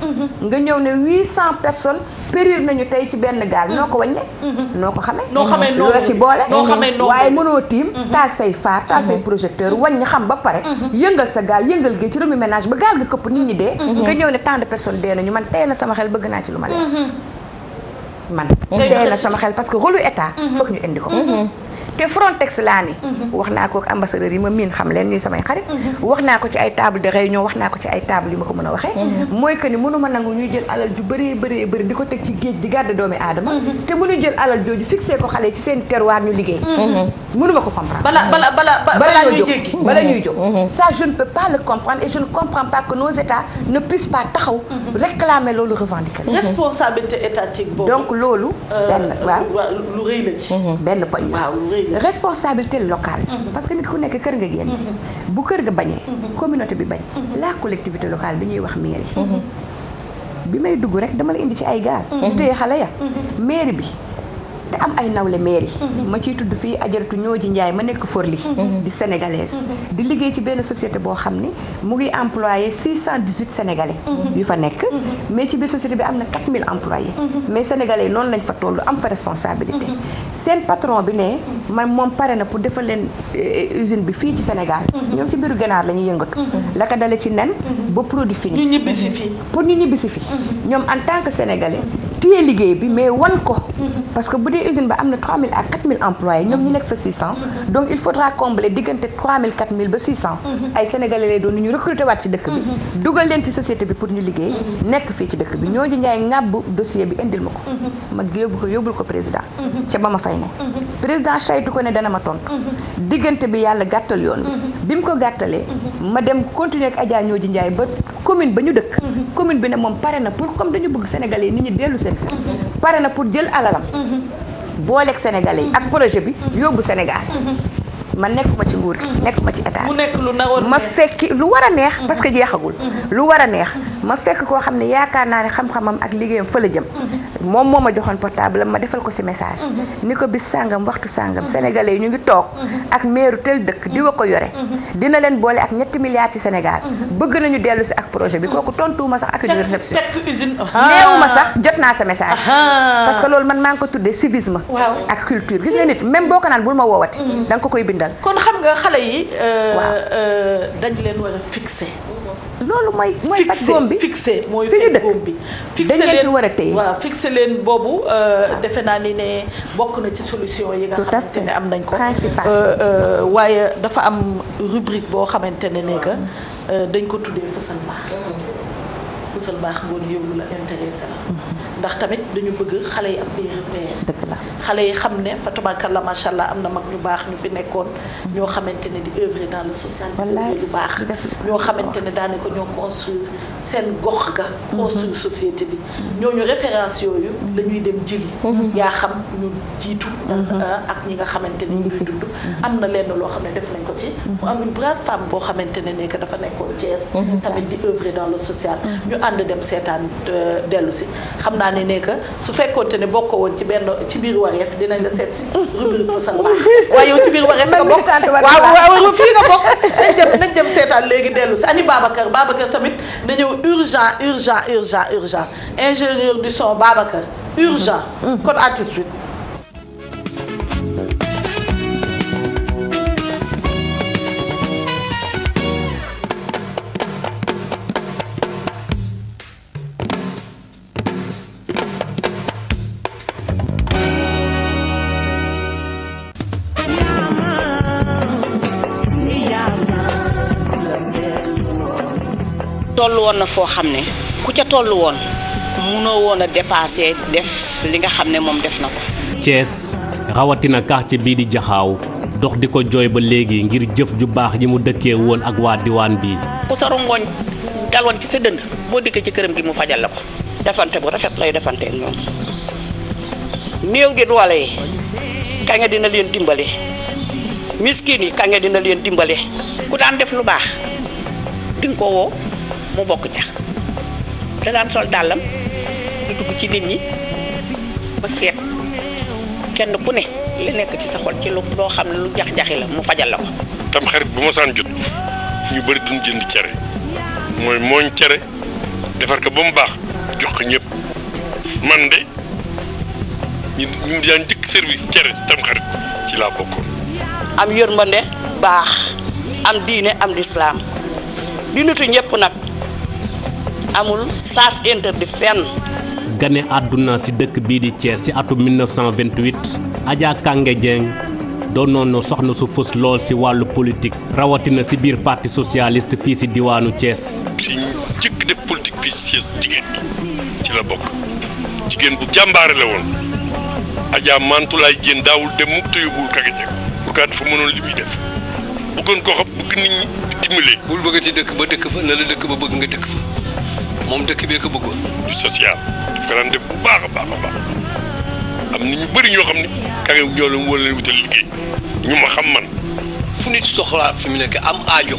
nga ñëw ne 800 cent personnes périr nañu tey ci benn gaal mm. noo ko wàññe mm-hmm. noo ko xamee mm-hmm. loo ci boole mm-hmm. waaye mënoo tiim taal say faar taal say projecteur wàññ xam ba pare yëngal sa gaal yëngal géej ci remis ménage ba gaal ga këpp nit ñi dee nga ñëw ne tant de nañu man tey na sama xel bëgg naa ci lu ma leen man tey na sama xel parce que rôle état foog ñu indi ko te Frontex laa ni mhm. wax naa ko ak ambassadeur yi ma miin xam leen ñuy samay xarit mhm. wax naa ko ci ay table de réunion wax naa ko ci ay table yi ma ko mën a waxee mhm. mooy que ni mënuma nangu ñuy jël alal ju bëree bëree bëri di ko teg ci géej di gàdd doomi aadama te mënu jël alal jooju fixé ko xale ci seen terroir ñu liggéey mënuma ko comprendre bala bala bala bala ñuy jóg bala ñuy jóg ça je ne peux pas le comprendre et je ne comprends pas que nos états euh, lu rëy responsabilité locale mhm. parce que nit ku nekk kër nga génn mhm. bu kër nga bañee mhm. communauté bi bañ la collectivité locale bi ñuy wax mairie bi may dugg rek dama la indi ci ay gaal ñu téye xale ya mairie bi te am ay nawle mairie mhm. ma ciy tudd fii ajaratu ñoo ji Njaay ma nekk Forli mhm. di sénégalaise mhm. di liggéey ci benn société boo xam ni mu ngi employé six cent dix-huit sénégalais yu fa nekk mais ci biir société bi am na quatre mille yi mais sénégalais noonu lañ fa tollu am fa responsabilité seen patron bi ne man moom pare na pour defal leen eh, usine bi fii ci Sénégal ñoom ci biiru ganaar la ñuy yëngatu la ko dale ci nen ba produit fini ñu ñibbisi fii pour ñu ñibbisi fii ñoom en tant que sénégalais téye liggéey bi mais wan ko mhm. parce que bu dee usine ba am na 3000 à 4000 employés ñoom ñu mhm. nekk fa 600 mhm. donc il faudra combler diggante 3000 4000 ba 600 ay sénégalais doon ñu recruter waat ci dëkk bi dugal leen ci société bi pour ñu liggéey nekk fii ci dëkk bi ñooñu njaay ŋàbb dossier bi indil ma ko ma yóbbu ko yóbbul ko président ca ba ma fay ne président saytu ko ne dana ma tontu diggante bi yàlla gàttal yoon bi mu ko pare na pour jël alalam mhm. boo lekk sénégal yi ak projet bi yóbbu Sénégal mhm. man nekkuma ci nguur gi nekkuma ci état mu nekk lu naroon ma fekki lu war a neex parce que mm-hmm. jeexagul mm-hmm. lu war a neex ma fekk koo xam ne yaakaar naa ne xam-xamam ak liggéeyam fa la jëm mm-hmm. moom moo ma joxoon portable ma defal ko ci message ni ko bis sàngam waxtu sàngam sénégalais yi ñu ngi toog ak meeru tel dëkk di wa ko yore dina leen boole ak ñetti milliards ci Sénégal bëgg nañu dellu si ak projet bi kooku tontuwuma sax accusé de réception neewuma ah. ah. jot naa sa message ah. parce loolu man maa ngi ko tuddee ma ak culture gis nga nit même boo ko naan bul ma woowati da koy bindal dal. kon xam nga xale yi. Euh, euh, dañ leen war a loolu mooy mooy faj góom bi fixé mooy faj góom bi dañ leen fi war a téye waaw leen boobu euh, defe naa ni ne bokk na ci solution yi nga xamante am nañ ko waaye dafa am rubrique boo xamante ne ne dañ ko tuddee fësal baax mm-hmm. fësal baax ngoon yow la intéressé la mm-hmm. ndax tamit dañu bëgg xale yi am ay repères. xale yi xam ne fa tabaarakalla macha allah am na mag ñu baax ñu fi nekkoon. ñoo xamante ne di œuvrer dans le social. wallaay lu baax ñoo xamante ne daanaka ñoo construire seen gox ga. Mhm. construire société bi. ñooñu référence yooyu. la ñuy dem jëli. Mhm. yaa xam ñu jiitu. Mhm. Ah, ak ñi nga xamante ne ñu ngi dund. am na lenn loo xam ne def nañ ko ci. mu am une brave femme boo xamante ne nekk dafa nekkoon Thiès. tamit di œuvrer dans le sociale ñu ànd dem seetaan euh, dellu si xam naa ne ne que su fekkoonte ne bokk woon ci benn ci biir wareef dinañ la seet si. rubrique fasal baax waaye yow ci biir wareef nga bokk. waaw waaw fii nga bokk nañ dem nañ dem seetaan léegi dellu si ani Babacar Babacar tamit dañëw urgent urgent urgent urgent ingénieur du son Babacar. urgent. Mm-hmm. kon à tout de suite. toll woon na foo xam ne ku ca toll woon munoo woon a dépassé def li nga xam ne moom def na ko. Thiès rawatina quartier bii di jaxaaw dox di ko jooy ba léegi ngir jëf ju baax yi mu dëkkee woon ak waa diwaan bii. ku sa rongoñ daloon ci sa dënd boo dikkee ci këram gi mu fajal la ko. defante bu rafet lay defante ñoom néew gi doole yi kange dina leen dimbale miskin yi kange dina leen dimbale ku daan def lu baax di mu bokk ca te daan sol dàllam di dugg ci nit ñi ba seet kenn ku ne li nekk ci sa xol ci lu loo xam ne lu jax-jaxi la mu fajal la ko tam xarit bu ma saan jot ñu bëri duñ jënd cere mooy mooñ cere defar ko ba mu baax jox ñépp ñëpp man de ñu ñu daan njëkk service cere ci ci laa bokkoon am yërmande baax am diine am lislaam di nitu ñëpp nag amul sens interdit fenn. gane àdduna si dëkk bii di Thiès ci atum 1928 Adja Kange Dieng doonoon na soxna su fës lool ci wàllu politik rawatina si biir parti socialiste fii si diwaanu cees ci jëkk def politique fii ci Thiès jigéen ñi ci la bokk jigéen bu jàmbaare la woon Adja Mantulaay Dieng daawul dem mukk te yóbbuwul Kange Dieng. bu mënoon li def bëggoon ko xam bëgg nit ñi dimbali. bul bëgg ci dëkk ba dëkk fa na la dëkk ba bëgg nga dëkk fa. moom dëkk bee ko bëggoon. du social daf ko daan def bu baax a baax a baax am na ñu bëri ñoo xam ne kare ñoo leen wóor leen wutal liggéey ñu ma xam man. fu nit soxlaa fi mu nekk am aajo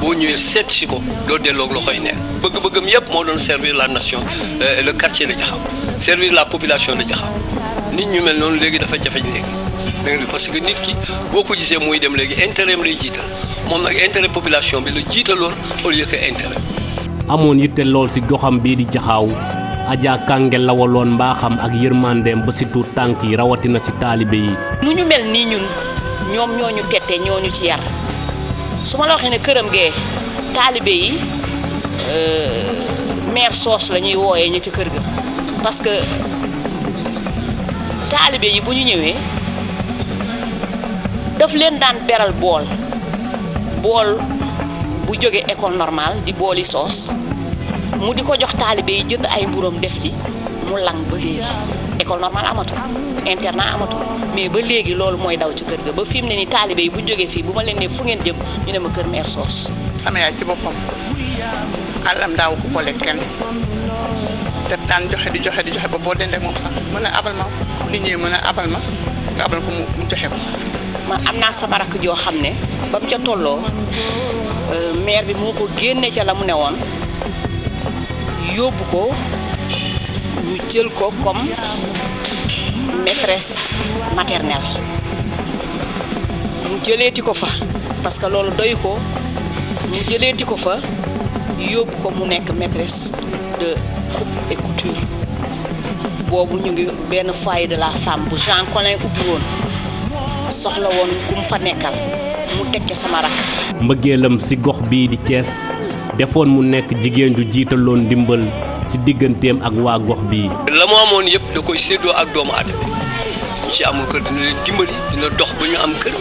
boo ñëwee seet si ko doo delloo koy neen bëgg-bëggam yëpp moo doon servir la nation euh, le quartier de Diakhao servir la population de Diakhao nit ñu mel noonu léegi dafa jafe léegi danga parce que nit ki boo ko gisee mooy dem léegi intérêt am lay jiital moom nag intérêt population bi la jiitaloon au lieu que amoon yitte lool ci goxam bii di jaxaw Adja Kange lawaloon mbaaxam ak yërmandeem ba si tuut tànk yi rawatina ci taalibe yi. nu ñu mel nii ñun ñoom ñoo ñu tette ñoo ñu ci yar su ma la waxee ne këram gee taalibe yi euh, mère soos lañuy ñuy wooyee ñu ci kër gi parce que taalibe yi bu ñu ñëwee daf leen daan beral bool bool. bu jógee école normal di booli soos mu di ko jox taalibe yi jënd ay mburam def ci mu lang ba léegi école normale amatul internat amatul mais ba léegi loolu mooy daw ci kër ga ba fi mu ne nii taalibe yi bu ñu jógee fii bu ma leen fu ngeen jëm ñu ne ma kër meer soos sama yaay ci boppam àllam daaw ko boole kenn def daan joxe di joxe di joxe ba boo dendee moom sax mën a abal ma nit ñi mën a abal ma nga abal ko mu joxe ko ma am naa sama rakk joo xam ne ba mu ca tolloo euh, maire bi moo ko génne ca la mu ne woon yóbbu ko jël ko comme maîtresse maternelle mu jëleeti ko fa parce que loolu doy ko mu jëleeti ko fa yóbbu ko mu nekk maîtresse de coupe et boobu ñu ngi benn foyer de la femme bu Jean Collin ubbi woon soxla woon ku mu fa nekkal mu teg sama rakk. mbëggeelam si gox bii di cees defoon mu nekk jigéen ju jiitaloon ndimbal ci digganteem ak waa gox bii. la mu amoon yëpp da koy seddoo ak doomu aadama ñi ci amul kër dina leen dimbali ñu am kër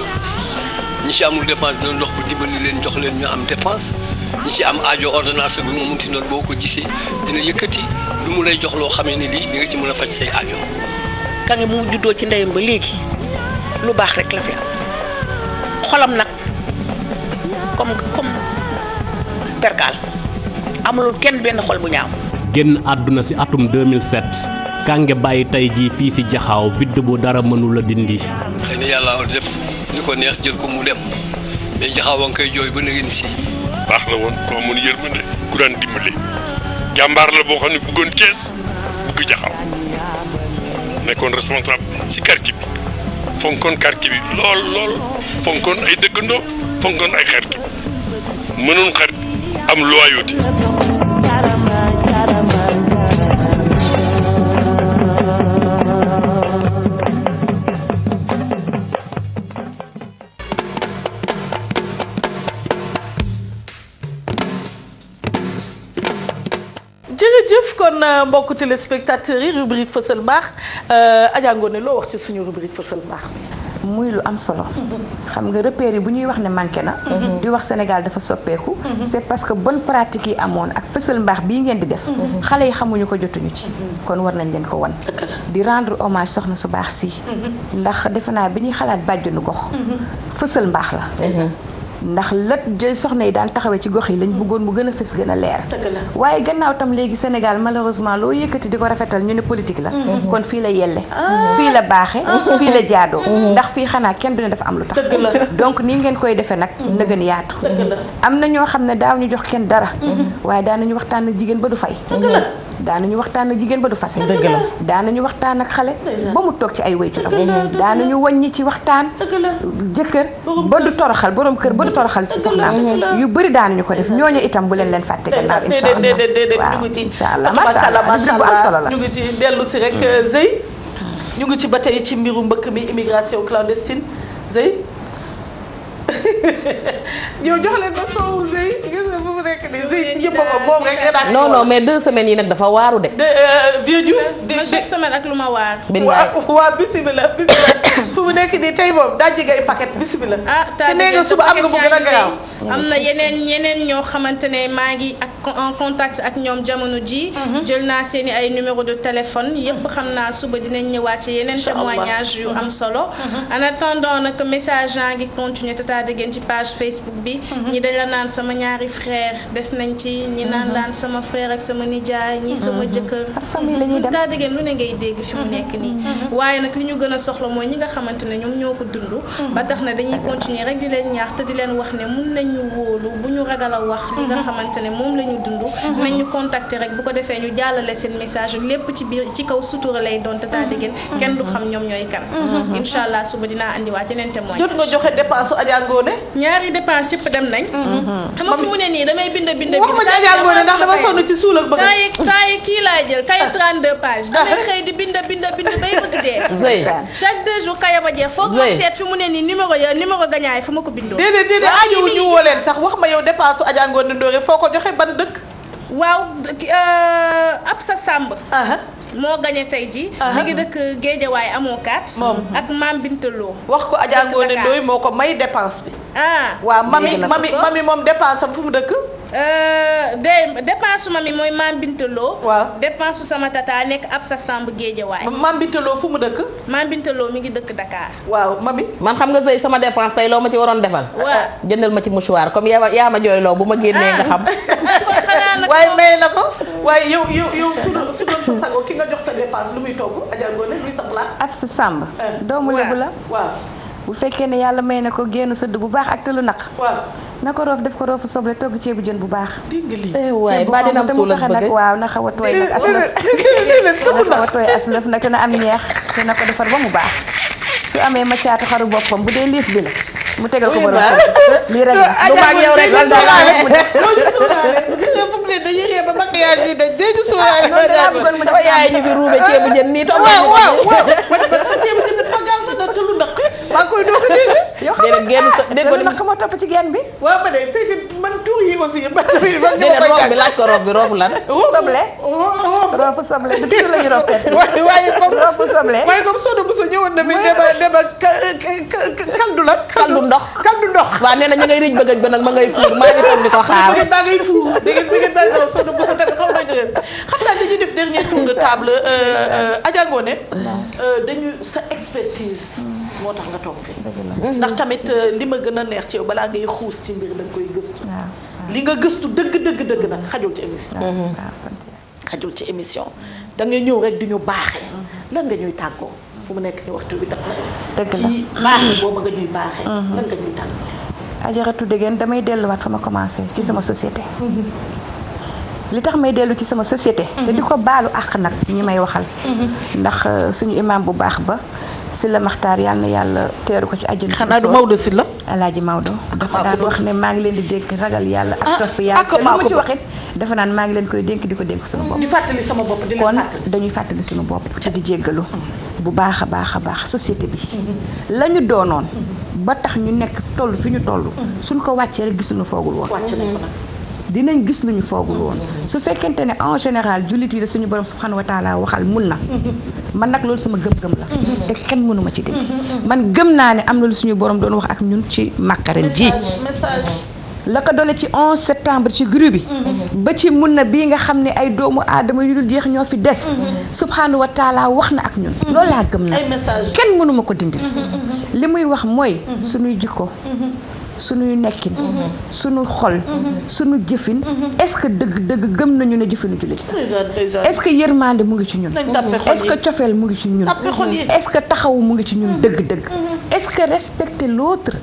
ñi ci amul dépense dina dox ba dimbali leen jox leen ñu am dépense ñi ci am aajo ordonnance bi mu munti noonu boo ko gisee dina yëkkati lu mu lay jox loo xamee ni lii di nga ci mën a faj say aajo. kange mu juddoo ci ndeyam ba léegi. lu baax rek la fi am xolam nag comme comme perkaal amulul kenn benn xol bu ñaaw. génn àdduna ci atum 2007 kànge bàyyi tey jii fii ci jaxaaw vidde bu dara mënula dindi. xëy na yàlla def li ko neex jël ko mu dem mais jaxaaw wa nga koy jooy ba léegi ni si. baax la woon ko amoon yërmande ku daan dimbali jàmbaar la boo xam ne bëggoon Cees bëgg jaxaw nekkoon responsable ci quartier fonkoon quartier bi lool lool fonkoon ay dëkkandoo fonkoon ay xarit mënoon xarit am loyauté mbokk téléspectateurs yi rubrique fësal mbaax euh, Adja Ngoné loo wax ci suñu rubrique fësal mbaax. muy lu am solo. xam nga repères yi bu ñuy wax ne manqué na. Mhm. di wax Sénégal dafa soppeeku. Mhm. c'est parce que bon pratique yi amoon ak fësal mbaax bii ngeen di def. Mhm. xale yi xamuñu ko jotuñu ci. kon war nañ leen ko won di rendre hommage soxna su baax sii ndax defe naa bi ñuy xalaat bàjjenu gox. fësal mbaax la. ndax lët jël soxna yi daan taxawee ci gox yi lañ bëggoon mu gën a fës gën a leer waaye gannaaw tam léegi Sénégal malheureusement loo yëkkati di ko rafetal ñu ne politique la mm-hmm. kon fii la yelle ah. fii la baaxe ah. fii la jaadoo mm-hmm. ndax fii xanaa kenn du ne dafa am lu tax donc nii ngeen koy defee nag mm-hmm. ndëgën yaatu am na ñoo xam ne daaw ñu jox kenn dara waaye daanañu waxtaan jigéen ba du fay ñu waxtaan ak jigéen ba du fase dëgg la waxtaan ak xale ba mu toog ci ay wayturam daanañu wàññi ci waxtaan jëkkër ba du toroxal borom kër ba du toroxal soxnaam yu bëri daanañu ko def ñooñu itam bu leen leen fàtte gannaaw insha allah macha allah macha allah bu am la dellu si rek hmm. euh, Zey ñu ci ba tey ci mbiru mbëkk mi immigration clandestine Zey yow jox leen ba soowu sëy gis nga fu mu nekk nii sëy mais deux semaines yi nag dafa waaru de. Euh, vieux Diouf de chaque semaine ak lu ma waar. billaay waaw bisimilah bisimilah fu mu nekk nii tey moom dajji ngay paquet bisimilah. ah taa nee nga suba am nga bu gën a gaaw. am na yeneen yeneen ñoo xamante ne maa ngi ak en contact ak ñoom jamono ji mm-hmm. jël naa seen ay numéro de téléphone yëpp mm-hmm. xam naa suba dinañ ñëwaat ci yeneen témoignage yu am mm-hmm. solo. en attendant nag message naa ngi continuer tata dégg ngeen ci page Facebook bi. Mhm. ñi dañ la naan sama ñaari frère des nañ ci. ñi mhm. naan daan sama frère ak sama nijaay ñi sama mhm. jëkkër. ne ngay dégg mu nekk nii. waaye nag li ñu gën a soxla mooy ñi nga xamante ne ñoom ñoo ko dund. ba tax na dañuy continuer rek di leen ñaax te di leen wax ne mun nañ ñu wóolu bu ñu ragal a wax. li nga xamante ne moom la ñu dund. nañ ñu contacter rek bu ko defee ñu jàllale seen message lépp ci biir ci kaw sutura lay doon te daa dégg kenn du xam ñoom ñooy kan. incha ngoone ñaari dépense yëpp dem nañ mhm. xam nga mhm. fi mu ne nii damay bind bind bind waxuma jaaja ngoone ndax dama sonn ci ah. ah. bind bind bay bëgg dee chaque deux jours ba jeex foog ma seet fi mu ne nii numéro ya numéro gañaay fu ma ko bindoo déedéet déedéet aaju ñu woo leen sax wax ma yow dépense u Adja Ngoné foo ko joxe ban dëkk waaw euh, ab sa sàmb moo gañe tey ji mi ngi dëkk Géejawaay amoo kaat. ak maam Bintaloo. wax ko Adja Ngoné moo ko may dépense bi. ah waaw mami mami mami moom dépense am fu mu dëkk. Euh, de dépense ma mi mooy maam Bintaloo. waaw dépense sama tataa nekk ab sa samb géejawaay. maam Bintaloo fu mu dëkk. maam Bintaloo mi ngi dëkk Dakar. waaw mami. man xam nga sëy sama dépense tey loo ma ci waroon defal. waaw ah, jëndal ma ci mouchoir comme yaa ma yaa ma jooyloo bu ma génnee nga ah. xam. waaye may na ko. waaye yow yow yow su doon su doon sa sago ki nga jox sa dépense lu muy togg. Adja luy sa plat. ab sa samb. Ah. doomu lebu la waa bu fekkee ne yàlla may na ko génn sëdd bu baax ak tëlu naq. na ko roof def ko roofu soble togg ceebu jën bu baax. dégg nga lii eh, waay mbaa dina na a na xaw a tooy aslëf nag na am ñeex te na ko ba mu baax su amee macaatu xaru boppam bu dee mu tegal ko borom lii rek la lu maag yow rek lan daal mu def loolu suuraale gis nga fu mu ne ba maquillage yi dañ dee ci suuraale noonu daa bëggoon mu maa ngi koy doog a dégg. yoo xam ne génn sa déggoo nag ma topp ci genn bi. waaw ba de c'est que man tuur yi aussi man tamit man ñu ma koy roof bi laaj ko roof bi roofu lan. soble roofu soble du tuur la ñu roof perte. waaye waaye comme roofu soble. waaye comme Sodo Bousso ñëwoon na mi dema dema ka kaldu la. kaldu ndox kaldu ndox. waaw nee na ñu ngay rëj bëgg ba nag ma ngay fuur maa ngi toog di ko xaar. maa ngay fuur dégg ngeen dégg ngeen Sodo Bousso tamit xaw nañu leen xam naa dañuy def dernier tour de table euh, euh, Adja Ngoné euh, dañu sa expertise moo tax nga toog fi ndax tamit euh, li ma gën a neex ci yow balaa ngay xuus ci mbir da nga koy gëstu li nga gëstu dëgg dëgg dëgg nag xajul ci émission xajul ci émission da nga ñëw rek di ñu baaxee mm-hmm. lan nga ñuy tàggoo fu mu nekk ni waxtu bi tax na dëgg la baax baaxee boobu nga ñuy baaxee mm-hmm. lan nga ñuy tàggoo ajaratu dëggeen damay delluwaat fa ma commencé ci sama société mm-hmm. li tax may dellu ci sama societé te di ko baalu àq nag ñi may waxal ndax euh, suñu imam bu baax ba Sylla Maxtaar yàlla na yàlla teeru ko ci àjjana. xanaa du Maodo Sylla. alaaji Maodo. dafa daan wax ne maa ngi leen di dénk ragal yàlla. ak topp ah, yàlla te lu mu ci waxit dafa naan maa ngi leen koy dénk di ko dénk suñu bopp. di fàttali sama bopp di kon dañuy fàttali suñu bopp. te di jéggalu. Mm-hmm. bu baax a baax a baax société bi. Mm-hmm. la ñu doonoon. Mm-hmm. ba tax ñu nekk toll fi ñu toll. suñu ko wàccee rek gisuñu foogul woon. wàcc nañ dinañ gis lu ñu foogul woon su fekkente ne en général jullit yi suñu borom subhanahu wa taala waxal mun na man nag loolu sama gëm-gëm la te kenn mënuma ci dégg man gëm naa ne am na lu suñu borom doon wax ak ñun ci màkkaran ji la ko dole ci 11 septembre ci guru bi ba ci mun na bii nga xam ne ay doomu aadama yu dul jeex ñoo fi des subhanahu wa wax na ak ñun loolu laa gëm na kenn mënuma ko dindi li muy wax mooy mhm. suñuy jikko mhm. suñuy nekkin mhm. mhm. suñu xol mhm. suñu jëfin est-ce que dëgg dëgg gëm nañu ne jëfinu jullit est-ce que yërmande mu ngi ci ñun est-ce que cofeel mu ngi ci ñun est-ce que taxawu mu ngi ci ñun dëgg dëgg est-ce que respecter l'autre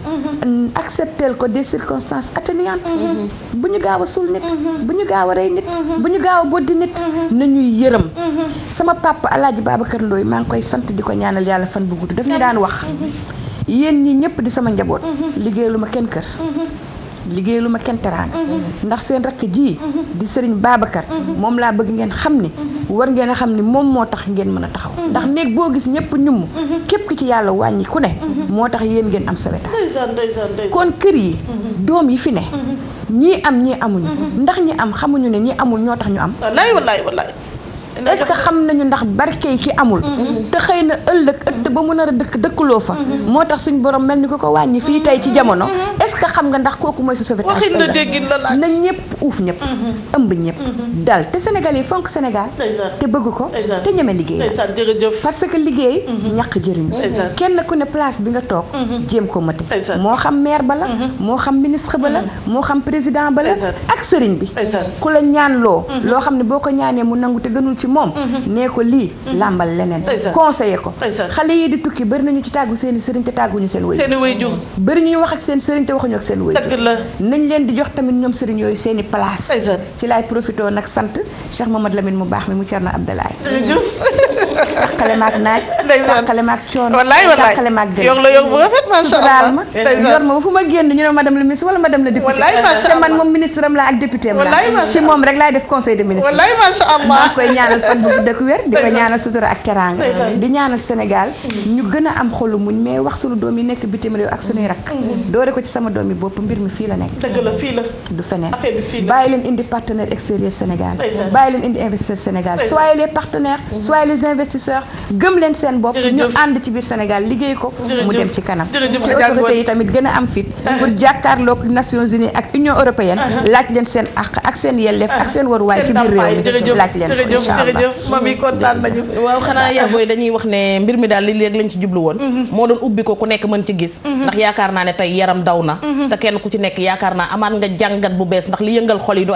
accepter ko des circonstances atténuantes bu ñu gaaw a suul nit bu ñu gaaw a rey nit bu ñu gaaw a boddi nit ñuy yërëm sama papa Alaaji Babacar Ndoye maa ngi koy sant di ko ñaanal yàlla fan bu gudd daf ñu daan wax yéen ñi ñëpp di sama njaboot. Mhm. liggéeyalu ma kenn kër. Mhm. liggéeyalu ma kenn teraanga. Mhm. ndax seen rakk ji. di sëriñ Babacar. moom laa bëgg ngeen xam ni. war ngeen a xam ni moom moo tax ngeen mën a taxaw. ndax néeg boo gis ñëpp ñum képp ki ci yàlla wàññi ku ne. moo tax yéen ngeen am soo sawetaas. kon kër yi. doom yi fi ne. ñii am ñii amuñu. ndax ñi am xamuñu ne ñii amul ñoo tax ñu am. est-ce que xam nañu ndax barke yi ki amul mm-hmm. te xëy na ëllëg ëtt ba mu nar a dëkk loo fa mm-hmm. moo tax suñ borom mel ni ko ko wàññi fii mm-hmm. tay ci jamono est-ce que xam nga ndax kooku mooy sa sauvetage na ñëpp uuf ñëpp ëmb ñëpp dal te Sénégal yi fonk Sénégal te bëgg ko te ñeme liggéey parce que liggéey ñaq jëriñ kenn ku ne place bi nga toog jéem ko mate moo xam maire ba la moo xam ministre ba la moo xam président ba la ak sëriñ bi ku la ñaan loo loo xam ne boo ko ci moom mhm. nee ko lii mhm. làmbal leneen conseillé ko xale yi di tukki bari nañu ci tàggu seen i sëriñ te tàgguñu seen wayjur bari ñu wax ak seen sëriñ te waxuñu ak seen wayjur nañ leen di jox tamit ñoom sëriñ yooyu seen i place ci laay profité nag sant Cheikh Mamadou Lamine mu baax mi mu Cerno Abdoulaye xale maag naaj. ndeysaan xale maag coono. wallaay wallaay xale maag gën. yokk la yokk bu rafet macha ma yor ma ba fu ma génn ñu ne madame la ministre wala madame la député. wallaay macha man moom ministre am ak député am la. ci moom rek laay def conseil maa ak teraanga. di ñaanal Sénégal mm. ñu gën a am xolu muñ mais wax sulu doom yi nekk bitim réew ak sunuy rakk. Mm. doore ko ci sama doom yi bopp mbir mi fii la nekk. dëgg la fii la. du feneen bàyyi leen indi partenaire extérieur Sénégal. bàyyi leen indi investisseur Sénégal investisseurs gëm leen seen bopp ñu ànd ci biir Sénégal liggéey ko mu dem ci kanam te autorités yi tamit gën a am fit pour jàkkaarloog Nations Unies ak Union européenne laaj leen seen àq ak seen yelleef ak seen waruwaay ci biir réew laaj leen ko incha allah mami kontaan nañu waaw xanaa yaa dañuy wax ne mbir mi daal li léegi lañ ci jublu woon mm-hmm. moo doon ubbi ko ku nekk mën ci gis mm-hmm. ndax yaakaar naa ne tey yaram daw na mm-hmm. te kenn ku ci nekk yaakaar naa amaat nga jàngat bu bees ndax li yëngal xol yi du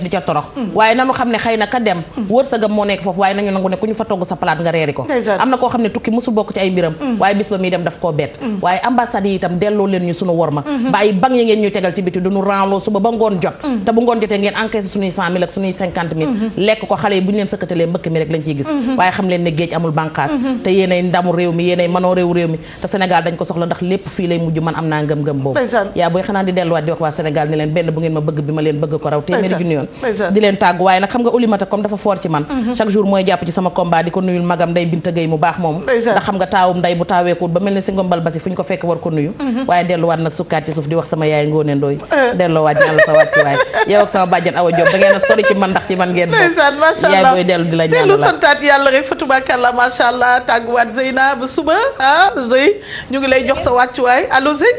def di ca torox waaye nanu xam ne xëy na ka dem mm. wërsëgam moo nekk foofu waaye nañu nangu ne ku ñu fa togg sa palaat nga reeri ko am na koo xam ne tukki musu bokk ci ay mbiram mm. waaye bis ba muy dem daf koo bett mm. waaye ambassade yi itam delloo leen ñu sunu worma mm-hmm. bàyyi bang yi ngeen ñuy tegal ci biti duñu ranloo suba ba ngoon jot te bu ngoon jotee ngeen encaissé suñuy cent mille ak suñuy cinquante mille mm-hmm. lekk ko xale yi bu ñu leen sëkkatalee mm-hmm. leen ne mi yéenay di leen tàggu waaye nag xam nga a comme dafa foor ci man mhm. chaque jour mooy jàpp ci sama combat di ko nuyul magam nday Binta Gueye mu baax moom ndax xam nga taawum nday bu taaweekuwut ba mel ni si ngombal basi fu ñu ko fekk war ko nuyu mhm. waaye delluwaat nag sukkaat ci suuf di wax sama yaay ngoone ndooy eh. delluwaat ñaan la sa wàcc waay a sori ci man tàgguwaat Zeyna ba suba ah, Zey ñu ngi lay jox sa wàccuwaay allo Zey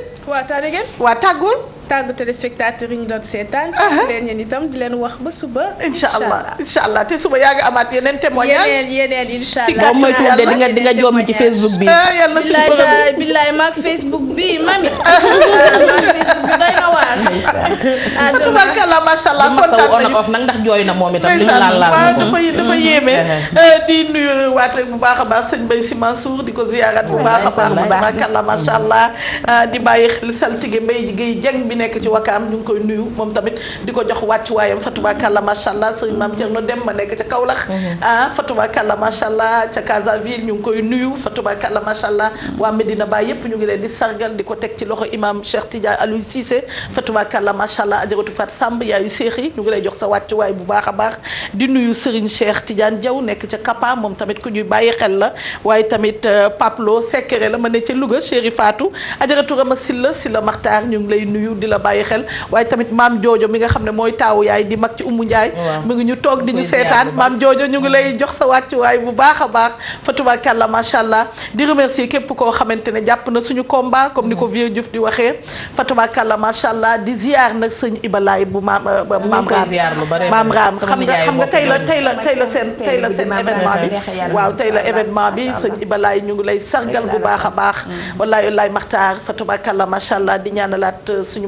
waa tàggul tàggu téléspectateurs yi ñu doon seetaan. leen yéen itam di leen wax ba suba. incha allah incha allah te suba yaa ngi amaat yeneen témoignage yeneen yeneen incha allah mooy tuuti di nga di nga eh, na si bërëb billaay maag Facebook bi mami. Ah, maag Facebook bi doy na waar. ah tubarkalla macha allah kontaan nañu on off nag ndax jooy na moom itam. li mu laal laal na ko dafa dafa mm-hmm. yéeme. Mm-hmm. Eh, di nuyu waat bu baax a baax sëñ Mbaye Sy Mansour di ko ziyaarat bu baax a baax. tubarkalla macha ah, di bàyyi xel saltige mbay gi jàng bi nekk ci wakaam ñu ngi koy nuyu moom tamit di ko jox wàccuwaayam fatubakàlla masàllaa sëriñ maam Thierno dem ma nekk ca Kaolack mhm. ah fatubakàlla masàllaa ca Casaville ñu ngi koy nuyu fatubakàlla masàllaa waa Medina Baye yépp ñu ngi leen di sargal di ko teg ci loxo imam Cheikh Tidiane Aliou Cissé fatubakàlla masàllaa ajaratu Fat Samb yaayu séex yi ñu ngi lay jox sa wàccuwaay bu baax a baax di nuyu sëriñ Cheikh Tidiane Diaw nekk ca Kapa moom tamit ku ñuy bàyyi xel la waaye tamit euh, Paplo Sekere la ma ne ca Louga Chéri Fatou ajaratu Rama Silla Silla Maxtaar ñu ngi lay nuyu la bàyyi xel waaye tamit maam joojo mi nga xam ne mooy taawu yaay di mag ci umu njaay mu ngi ñu toog di ñu seetaan maam joojo ñu ngi lay jox sa wàccuwaay bu baax a baax fatubakàlla macha di remercier képp koo xamante ne jàpp na suñu combat comme ni ko mm. vieux Diouf di waxee fatubakàlla macha allah di ziar nag sëñ ibalaay bu maam euh, maam raam maam raam xam nga xam nga tey la tey la tey la seen tey la seen événement bi waaw tey la bi sëñ ibalaay ñu ngi lay sargal bu baax a baax wallaay mm. wallaay maxtaar allah di ñaanalaat euh, suñu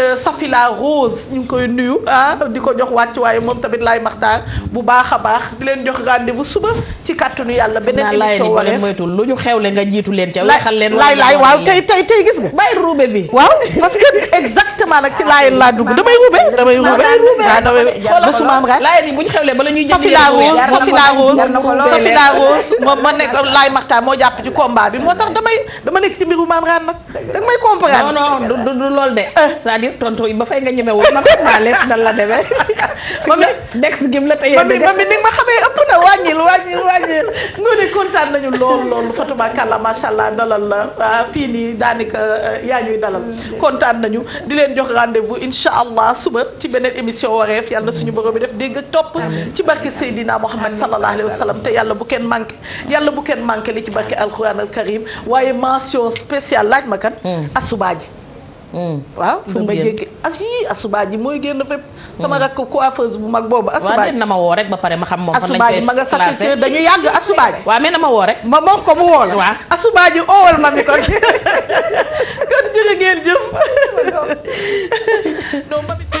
Euh, Safila Rose ñu ngi koy nuyu ah di ko jox wàccuwaay moom tamit laay maxtaar a baax di leen jox rendez-vous suba ci kàttanu yàlla beneen émission wareef moytu lu ñu xewle nga jiitu leen ca waxal leen laay laay waaw tey tey tey gis nga bàyyi ruube bi waaw parce Rose moom ma nekk laay maxtaar moo jàpp ci combat bi moo tax damay dama nekk ci mbiru maam raan nag danga may comprendre du loolu de euh. lépp tontu ba fay nga ñemewul man xam naa lépp nan la demee. ma mi dex la tey. ma mi ma mi xamee ëpp na wàññil wàññil wàññil. kontaan nañu lool lool Fatou Bakalla macha allah dalal la ah, fii nii daanaka eh, yaa ñuy dalal. Mm. kontaan nañu di leen jox rendez-vous incha allah suba ci beneen émission wareef yàlla suñu borom bi def dégg ak topp. ci barke Seydina Mohamed sallallahu alayhi wa sallam te yàlla bu kenn manqué. yàlla bu kenn manqué li ci barke alquran al karim waaye mention spéciale laaj Mm. waaw fu mu génn as ah, yii asubaa ah, ji mooy génn fépp. Mm. sama rakk coiffeuse bu mag boobu. asubaa ah, ji na ma woo rek ba pare ma xam moom fan lañ ma nga satisfaire dañu yàgg asubaa ji. waaw mais na ma woo rek. ma wax ko mu woo la. waaw asubaa ji oowal ma mi kon kon jërë ngeen jëf.